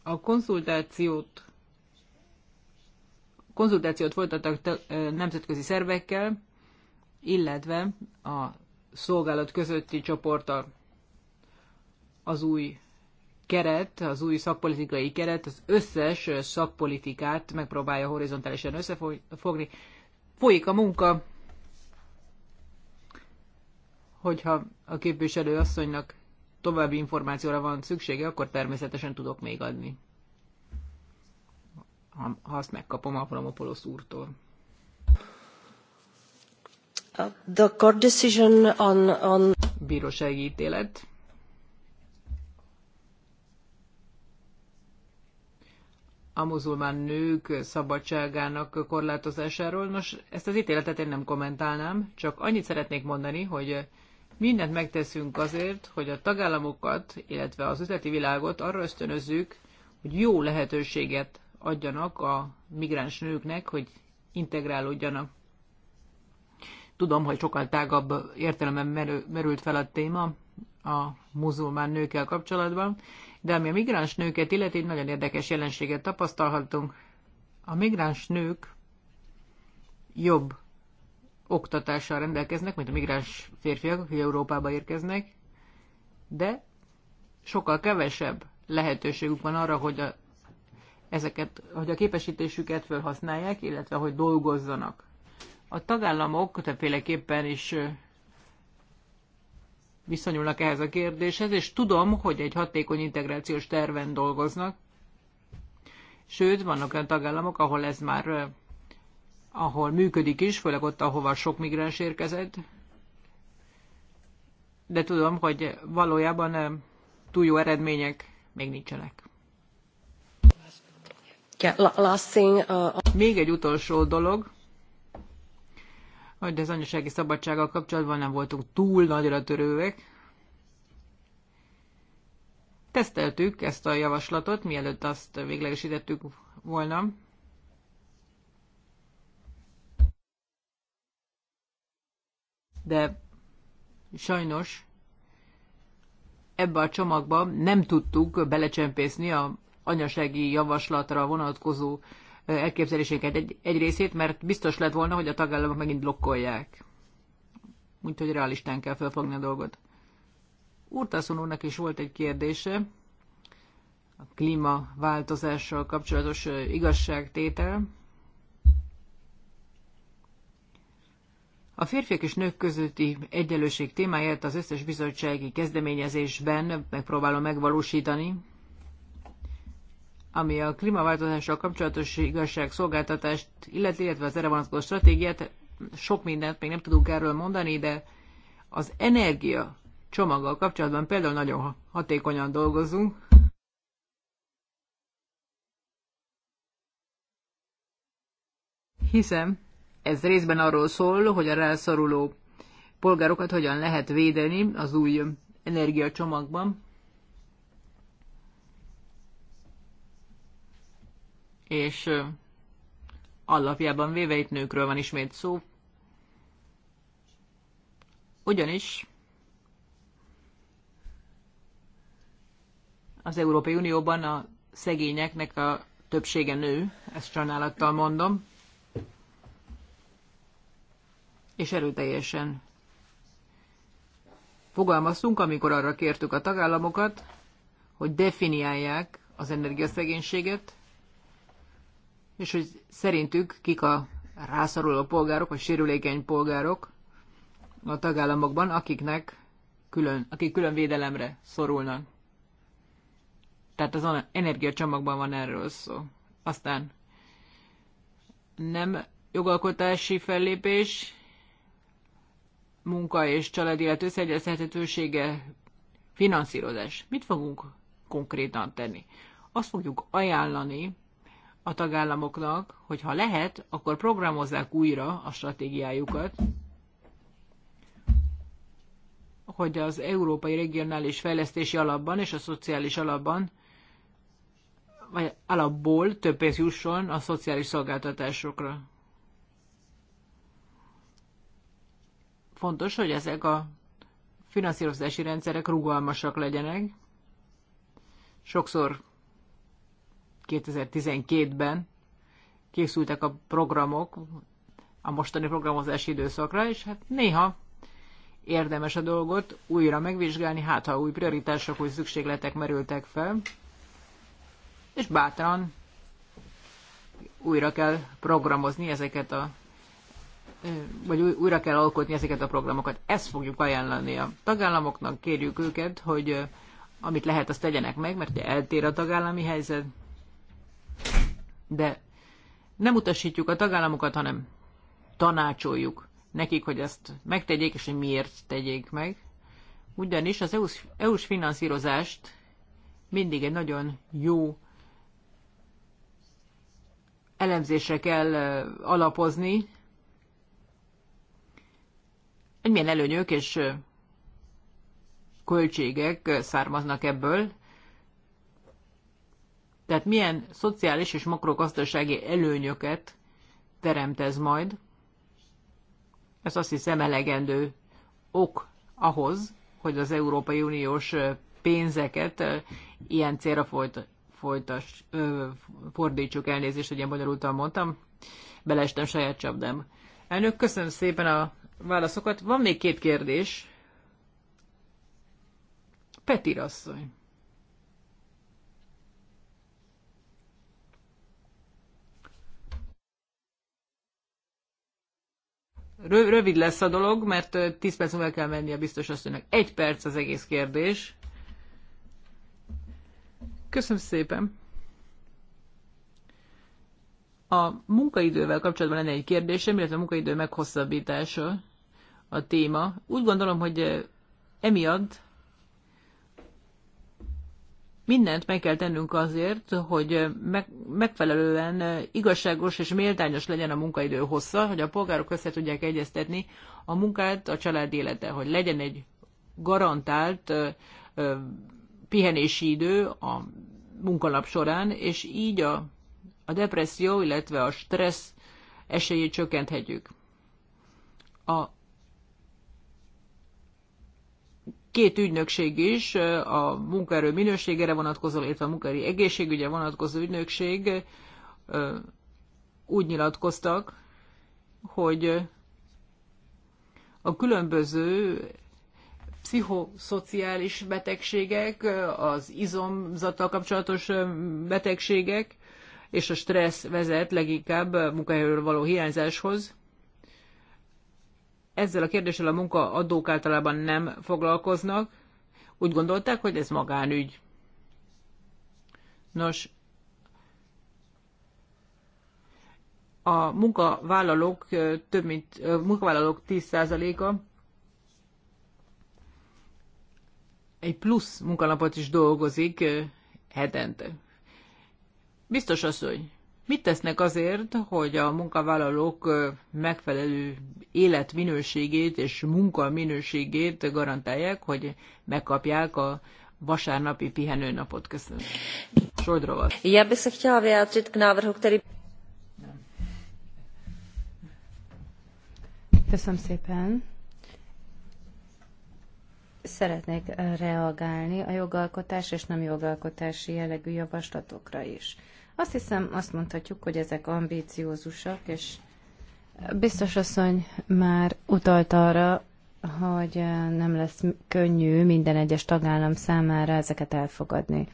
a konzultációt konzultációt folytattak nemzetközi szervekkel, illetve a szolgálat közötti csoporttal az új keret, az új szakpolitikai keret az összes szakpolitikát megpróbálja horizontálisan összefogni. Folyik a munka, hogyha a képviselő asszonynak további információra van szüksége, akkor természetesen tudok még adni. Ha, ha azt megkapom Promopolos úrtól. Uh, the court decision on, on... Bírósági ítélet. a muzulmán nők szabadságának korlátozásáról. Nos, ezt az ítéletet én nem kommentálnám, csak annyit szeretnék mondani, hogy Mindent megteszünk azért, hogy a tagállamokat, illetve az üzleti világot arra ösztönözzük, hogy jó lehetőséget adjanak a migráns nőknek, hogy integrálódjanak. Tudom, hogy sokkal tágabb értelemben merült fel a téma a muzulmán nőkkel kapcsolatban, de ami a migráns nőket illeti, egy nagyon érdekes jelenséget tapasztalhatunk. A migráns nők jobb oktatással rendelkeznek, mint a migráns férfiak, akik Európába érkeznek, de sokkal kevesebb lehetőségük van arra, hogy a, ezeket, hogy a képesítésüket felhasználják, illetve hogy dolgozzanak. A tagállamok többféleképpen is viszonyulnak ehhez a kérdéshez, és tudom, hogy egy hatékony integrációs terven dolgoznak, sőt, vannak olyan tagállamok, ahol ez már ahol működik is, főleg ott, ahova sok migráns érkezett, de tudom, hogy valójában eh, túl jó eredmények még nincsenek. Uh, uh- még egy utolsó dolog, hogy az anyasági szabadsággal kapcsolatban nem voltunk túl nagyra törőek. Teszteltük ezt a javaslatot, mielőtt azt véglegesítettük volna. de sajnos ebbe a csomagba nem tudtuk belecsempészni a anyasági javaslatra vonatkozó elképzelésénket egy, egy részét, mert biztos lett volna, hogy a tagállamok megint blokkolják. Úgyhogy realistán kell felfogni a dolgot. Úrtászon úrnak is volt egy kérdése, a klímaváltozással kapcsolatos igazságtétel. A férfiak és nők közötti egyenlőség témáját az összes bizottsági kezdeményezésben megpróbálom megvalósítani, ami a klímaváltozással kapcsolatos igazságszolgáltatást, illetve, illetve az erre vonatkozó stratégiát, sok mindent még nem tudunk erről mondani, de az energia csomaggal kapcsolatban például nagyon hatékonyan dolgozunk. Hiszem, ez részben arról szól, hogy a rászoruló polgárokat hogyan lehet védeni az új energiacsomagban. És alapjában véve itt nőkről van ismét szó. Ugyanis az Európai Unióban a szegényeknek a többsége nő, ezt csanálattal mondom. és erőteljesen fogalmaztunk, amikor arra kértük a tagállamokat, hogy definiálják az energiaszegénységet, és hogy szerintük kik a rászoruló polgárok, a sérülékeny polgárok a tagállamokban, akiknek külön, akik külön védelemre szorulnak. Tehát az energiacsomagban van erről szó. Aztán nem jogalkotási fellépés, munka és család élet összeegyeztethetősége, finanszírozás. Mit fogunk konkrétan tenni? Azt fogjuk ajánlani a tagállamoknak, hogy ha lehet, akkor programozzák újra a stratégiájukat, hogy az Európai Regionális Fejlesztési Alapban és a Szociális Alapban vagy alapból több pénz jusson a szociális szolgáltatásokra. fontos, hogy ezek a finanszírozási rendszerek rugalmasak legyenek. Sokszor 2012-ben készültek a programok a mostani programozási időszakra, és hát néha érdemes a dolgot újra megvizsgálni, hát ha új prioritások, új szükségletek merültek fel, és bátran újra kell programozni ezeket a vagy újra kell alkotni ezeket a programokat. Ezt fogjuk ajánlani a tagállamoknak, kérjük őket, hogy amit lehet, azt tegyenek meg, mert eltér a tagállami helyzet. De nem utasítjuk a tagállamokat, hanem tanácsoljuk nekik, hogy ezt megtegyék, és hogy miért tegyék meg. Ugyanis az EU-s, EU-s finanszírozást mindig egy nagyon jó elemzésre kell alapozni, hogy milyen előnyök és költségek származnak ebből, tehát milyen szociális és makrogazdasági előnyöket teremt ez majd. Ez azt hiszem elegendő ok ahhoz, hogy az Európai Uniós pénzeket ilyen célra folyt, folytas, ö, fordítsuk elnézést, hogy ilyen bonyolultan mondtam. Belestem saját csapdám. Elnök, köszönöm szépen a válaszokat. Van még két kérdés. Peti rasszony. Rövid lesz a dolog, mert 10 perc múlva kell a biztos asszonynak. Egy perc az egész kérdés. Köszönöm szépen. A munkaidővel kapcsolatban lenne egy kérdésem, illetve a munkaidő meghosszabbítása a téma. Úgy gondolom, hogy emiatt mindent meg kell tennünk azért, hogy megfelelően igazságos és méltányos legyen a munkaidő hossza, hogy a polgárok össze tudják egyeztetni a munkát a család élete, hogy legyen egy garantált pihenési idő a munkanap során, és így a, a depresszió, illetve a stressz esélyét csökkenthetjük. A két ügynökség is, a munkaerő minőségére vonatkozó, illetve a munkaerő egészségügyre vonatkozó ügynökség úgy nyilatkoztak, hogy a különböző pszichoszociális betegségek, az izomzattal kapcsolatos betegségek és a stressz vezet leginkább munkahelyről való hiányzáshoz ezzel a kérdéssel a munkaadók általában nem foglalkoznak, úgy gondolták, hogy ez magánügy. Nos, a munkavállalók több mint a munkavállalók 10%-a egy plusz munkanapot is dolgozik hetente. Biztos asszony, Mit tesznek azért, hogy a munkavállalók megfelelő életminőségét és munkaminőségét garantálják, hogy megkapják a vasárnapi pihenőnapot? Köszönöm. Sojdrova. Já bych se chtěla vyjádřit k návrhu, který... Köszönöm szépen. Szeretnék reagálni a jogalkotás és nem jogalkotási jellegű javaslatokra is. Azt hiszem, azt mondhatjuk, hogy ezek ambíciózusak, és biztos asszony már utalt arra, hogy nem lesz könnyű minden egyes tagállam számára ezeket elfogadni.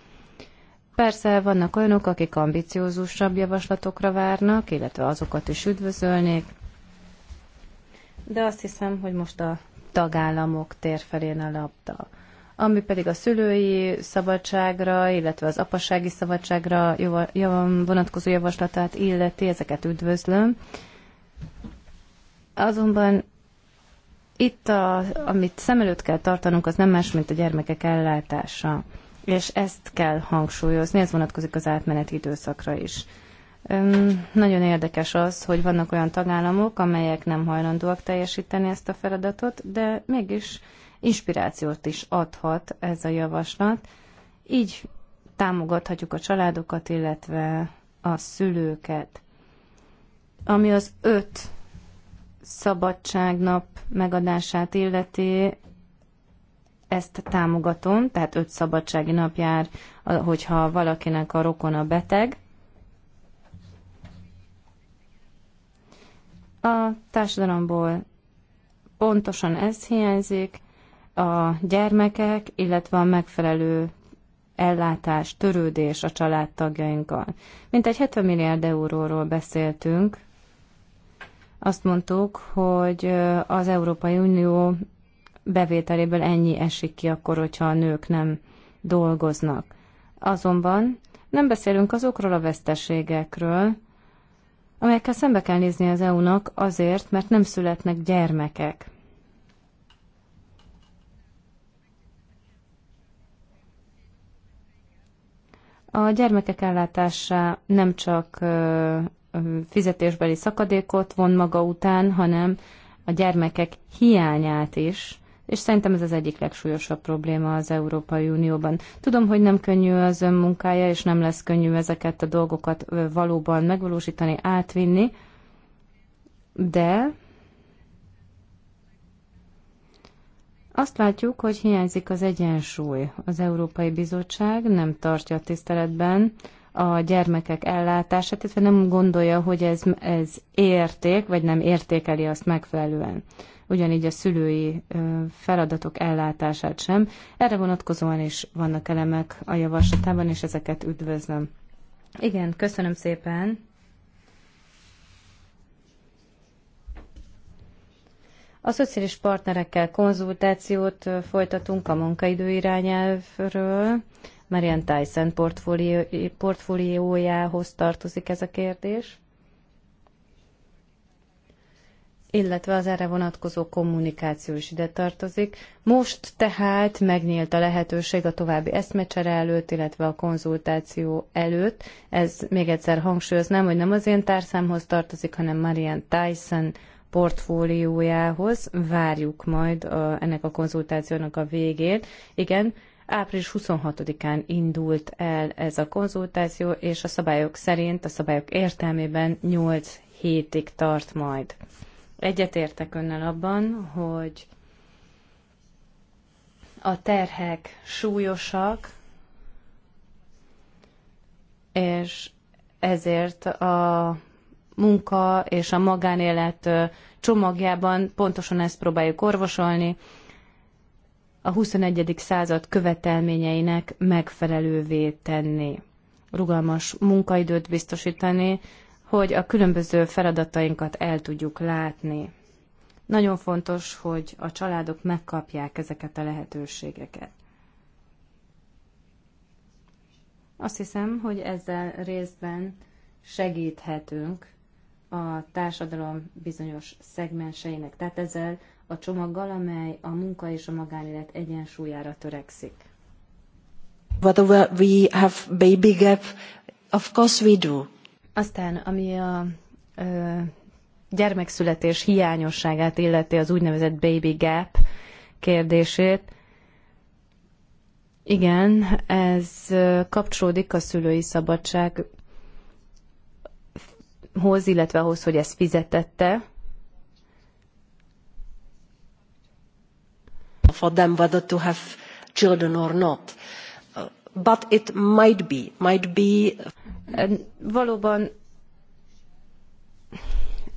Persze vannak olyanok, akik ambiciózusabb javaslatokra várnak, illetve azokat is üdvözölnék, de azt hiszem, hogy most a tagállamok tér felén a labda ami pedig a szülői szabadságra, illetve az apassági szabadságra vonatkozó javaslatát illeti, ezeket üdvözlöm. Azonban itt, a, amit szem előtt kell tartanunk, az nem más, mint a gyermekek ellátása. És ezt kell hangsúlyozni, ez vonatkozik az átmeneti időszakra is. Öm, nagyon érdekes az, hogy vannak olyan tagállamok, amelyek nem hajlandóak teljesíteni ezt a feladatot, de mégis inspirációt is adhat ez a javaslat. Így támogathatjuk a családokat, illetve a szülőket. Ami az öt szabadságnap megadását illeti, ezt támogatom, tehát öt szabadsági nap jár, hogyha valakinek a rokona beteg. A társadalomból pontosan ez hiányzik, a gyermekek, illetve a megfelelő ellátás, törődés a családtagjainkkal. Mint egy 70 milliárd euróról beszéltünk. Azt mondtuk, hogy az Európai Unió bevételéből ennyi esik ki akkor, hogyha a nők nem dolgoznak. Azonban nem beszélünk azokról a veszteségekről, amelyekkel szembe kell nézni az EU-nak azért, mert nem születnek gyermekek. A gyermekek ellátása nem csak fizetésbeli szakadékot von maga után, hanem a gyermekek hiányát is, és szerintem ez az egyik legsúlyosabb probléma az Európai Unióban. Tudom, hogy nem könnyű az önmunkája, és nem lesz könnyű ezeket a dolgokat valóban megvalósítani, átvinni, de Azt látjuk, hogy hiányzik az egyensúly. Az Európai Bizottság nem tartja a tiszteletben a gyermekek ellátását, illetve nem gondolja, hogy ez, ez érték, vagy nem értékeli azt megfelelően. Ugyanígy a szülői feladatok ellátását sem. Erre vonatkozóan is vannak elemek a javaslatában, és ezeket üdvözlöm. Igen, köszönöm szépen. A szociális partnerekkel konzultációt folytatunk a munkaidő irányelvről. Marian Tyson portfólió, portfóliójához tartozik ez a kérdés. illetve az erre vonatkozó kommunikáció is ide tartozik. Most tehát megnyílt a lehetőség a további eszmecsere előtt, illetve a konzultáció előtt. Ez még egyszer hangsúlyoznám, hogy nem az én társzámhoz tartozik, hanem Marian Tyson portfóliójához. Várjuk majd a, ennek a konzultációnak a végét. Igen, április 26-án indult el ez a konzultáció, és a szabályok szerint, a szabályok értelmében 8 hétig tart majd. Egyetértek önnel abban, hogy a terhek súlyosak, és ezért a munka és a magánélet csomagjában pontosan ezt próbáljuk orvosolni, a 21. század követelményeinek megfelelővé tenni, rugalmas munkaidőt biztosítani, hogy a különböző feladatainkat el tudjuk látni. Nagyon fontos, hogy a családok megkapják ezeket a lehetőségeket. Azt hiszem, hogy ezzel részben segíthetünk a társadalom bizonyos szegmenseinek. Tehát ezzel a csomaggal, amely a munka és a magánélet egyensúlyára törekszik. Whatever we have baby gap, of course we do. Aztán, ami a ö, gyermekszületés hiányosságát illeti az úgynevezett baby gap kérdését, igen, ez kapcsolódik a szülői szabadság hoz, illetve ahhoz, hogy ezt fizetette. For them whether to have children or not. But it might be, might be... Valóban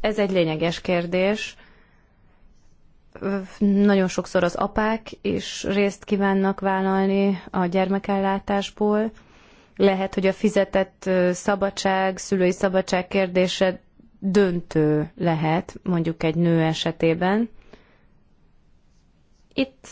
ez egy lényeges kérdés. Nagyon sokszor az apák is részt kívánnak vállalni a gyermekellátásból lehet, hogy a fizetett szabadság, szülői szabadság kérdése döntő lehet, mondjuk egy nő esetében. Itt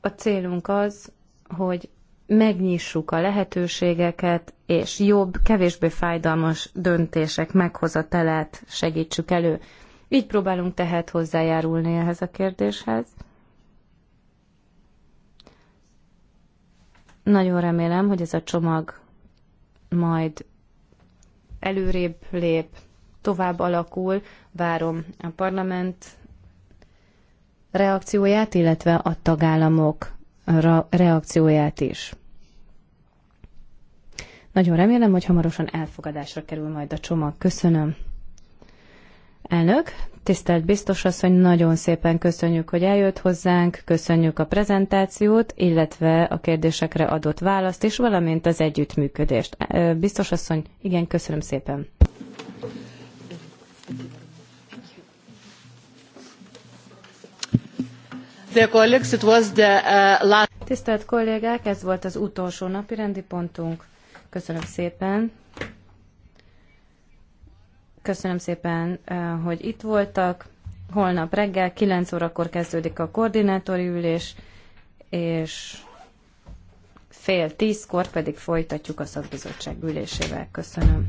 a célunk az, hogy megnyissuk a lehetőségeket, és jobb, kevésbé fájdalmas döntések meghozatalát segítsük elő. Így próbálunk tehát hozzájárulni ehhez a kérdéshez. Nagyon remélem, hogy ez a csomag majd előrébb lép, tovább alakul, várom a parlament reakcióját, illetve a tagállamok reakcióját is. Nagyon remélem, hogy hamarosan elfogadásra kerül majd a csomag. Köszönöm. Elnök, tisztelt biztos asszony, nagyon szépen köszönjük, hogy eljött hozzánk, köszönjük a prezentációt, illetve a kérdésekre adott választ is, valamint az együttműködést. Biztos asszony, igen, köszönöm szépen. Uh, tisztelt kollégák, ez volt az utolsó napi rendi pontunk. Köszönöm szépen. Köszönöm szépen, hogy itt voltak. Holnap reggel 9 órakor kezdődik a koordinátori ülés, és fél tízkor pedig folytatjuk a szakbizottság ülésével. Köszönöm.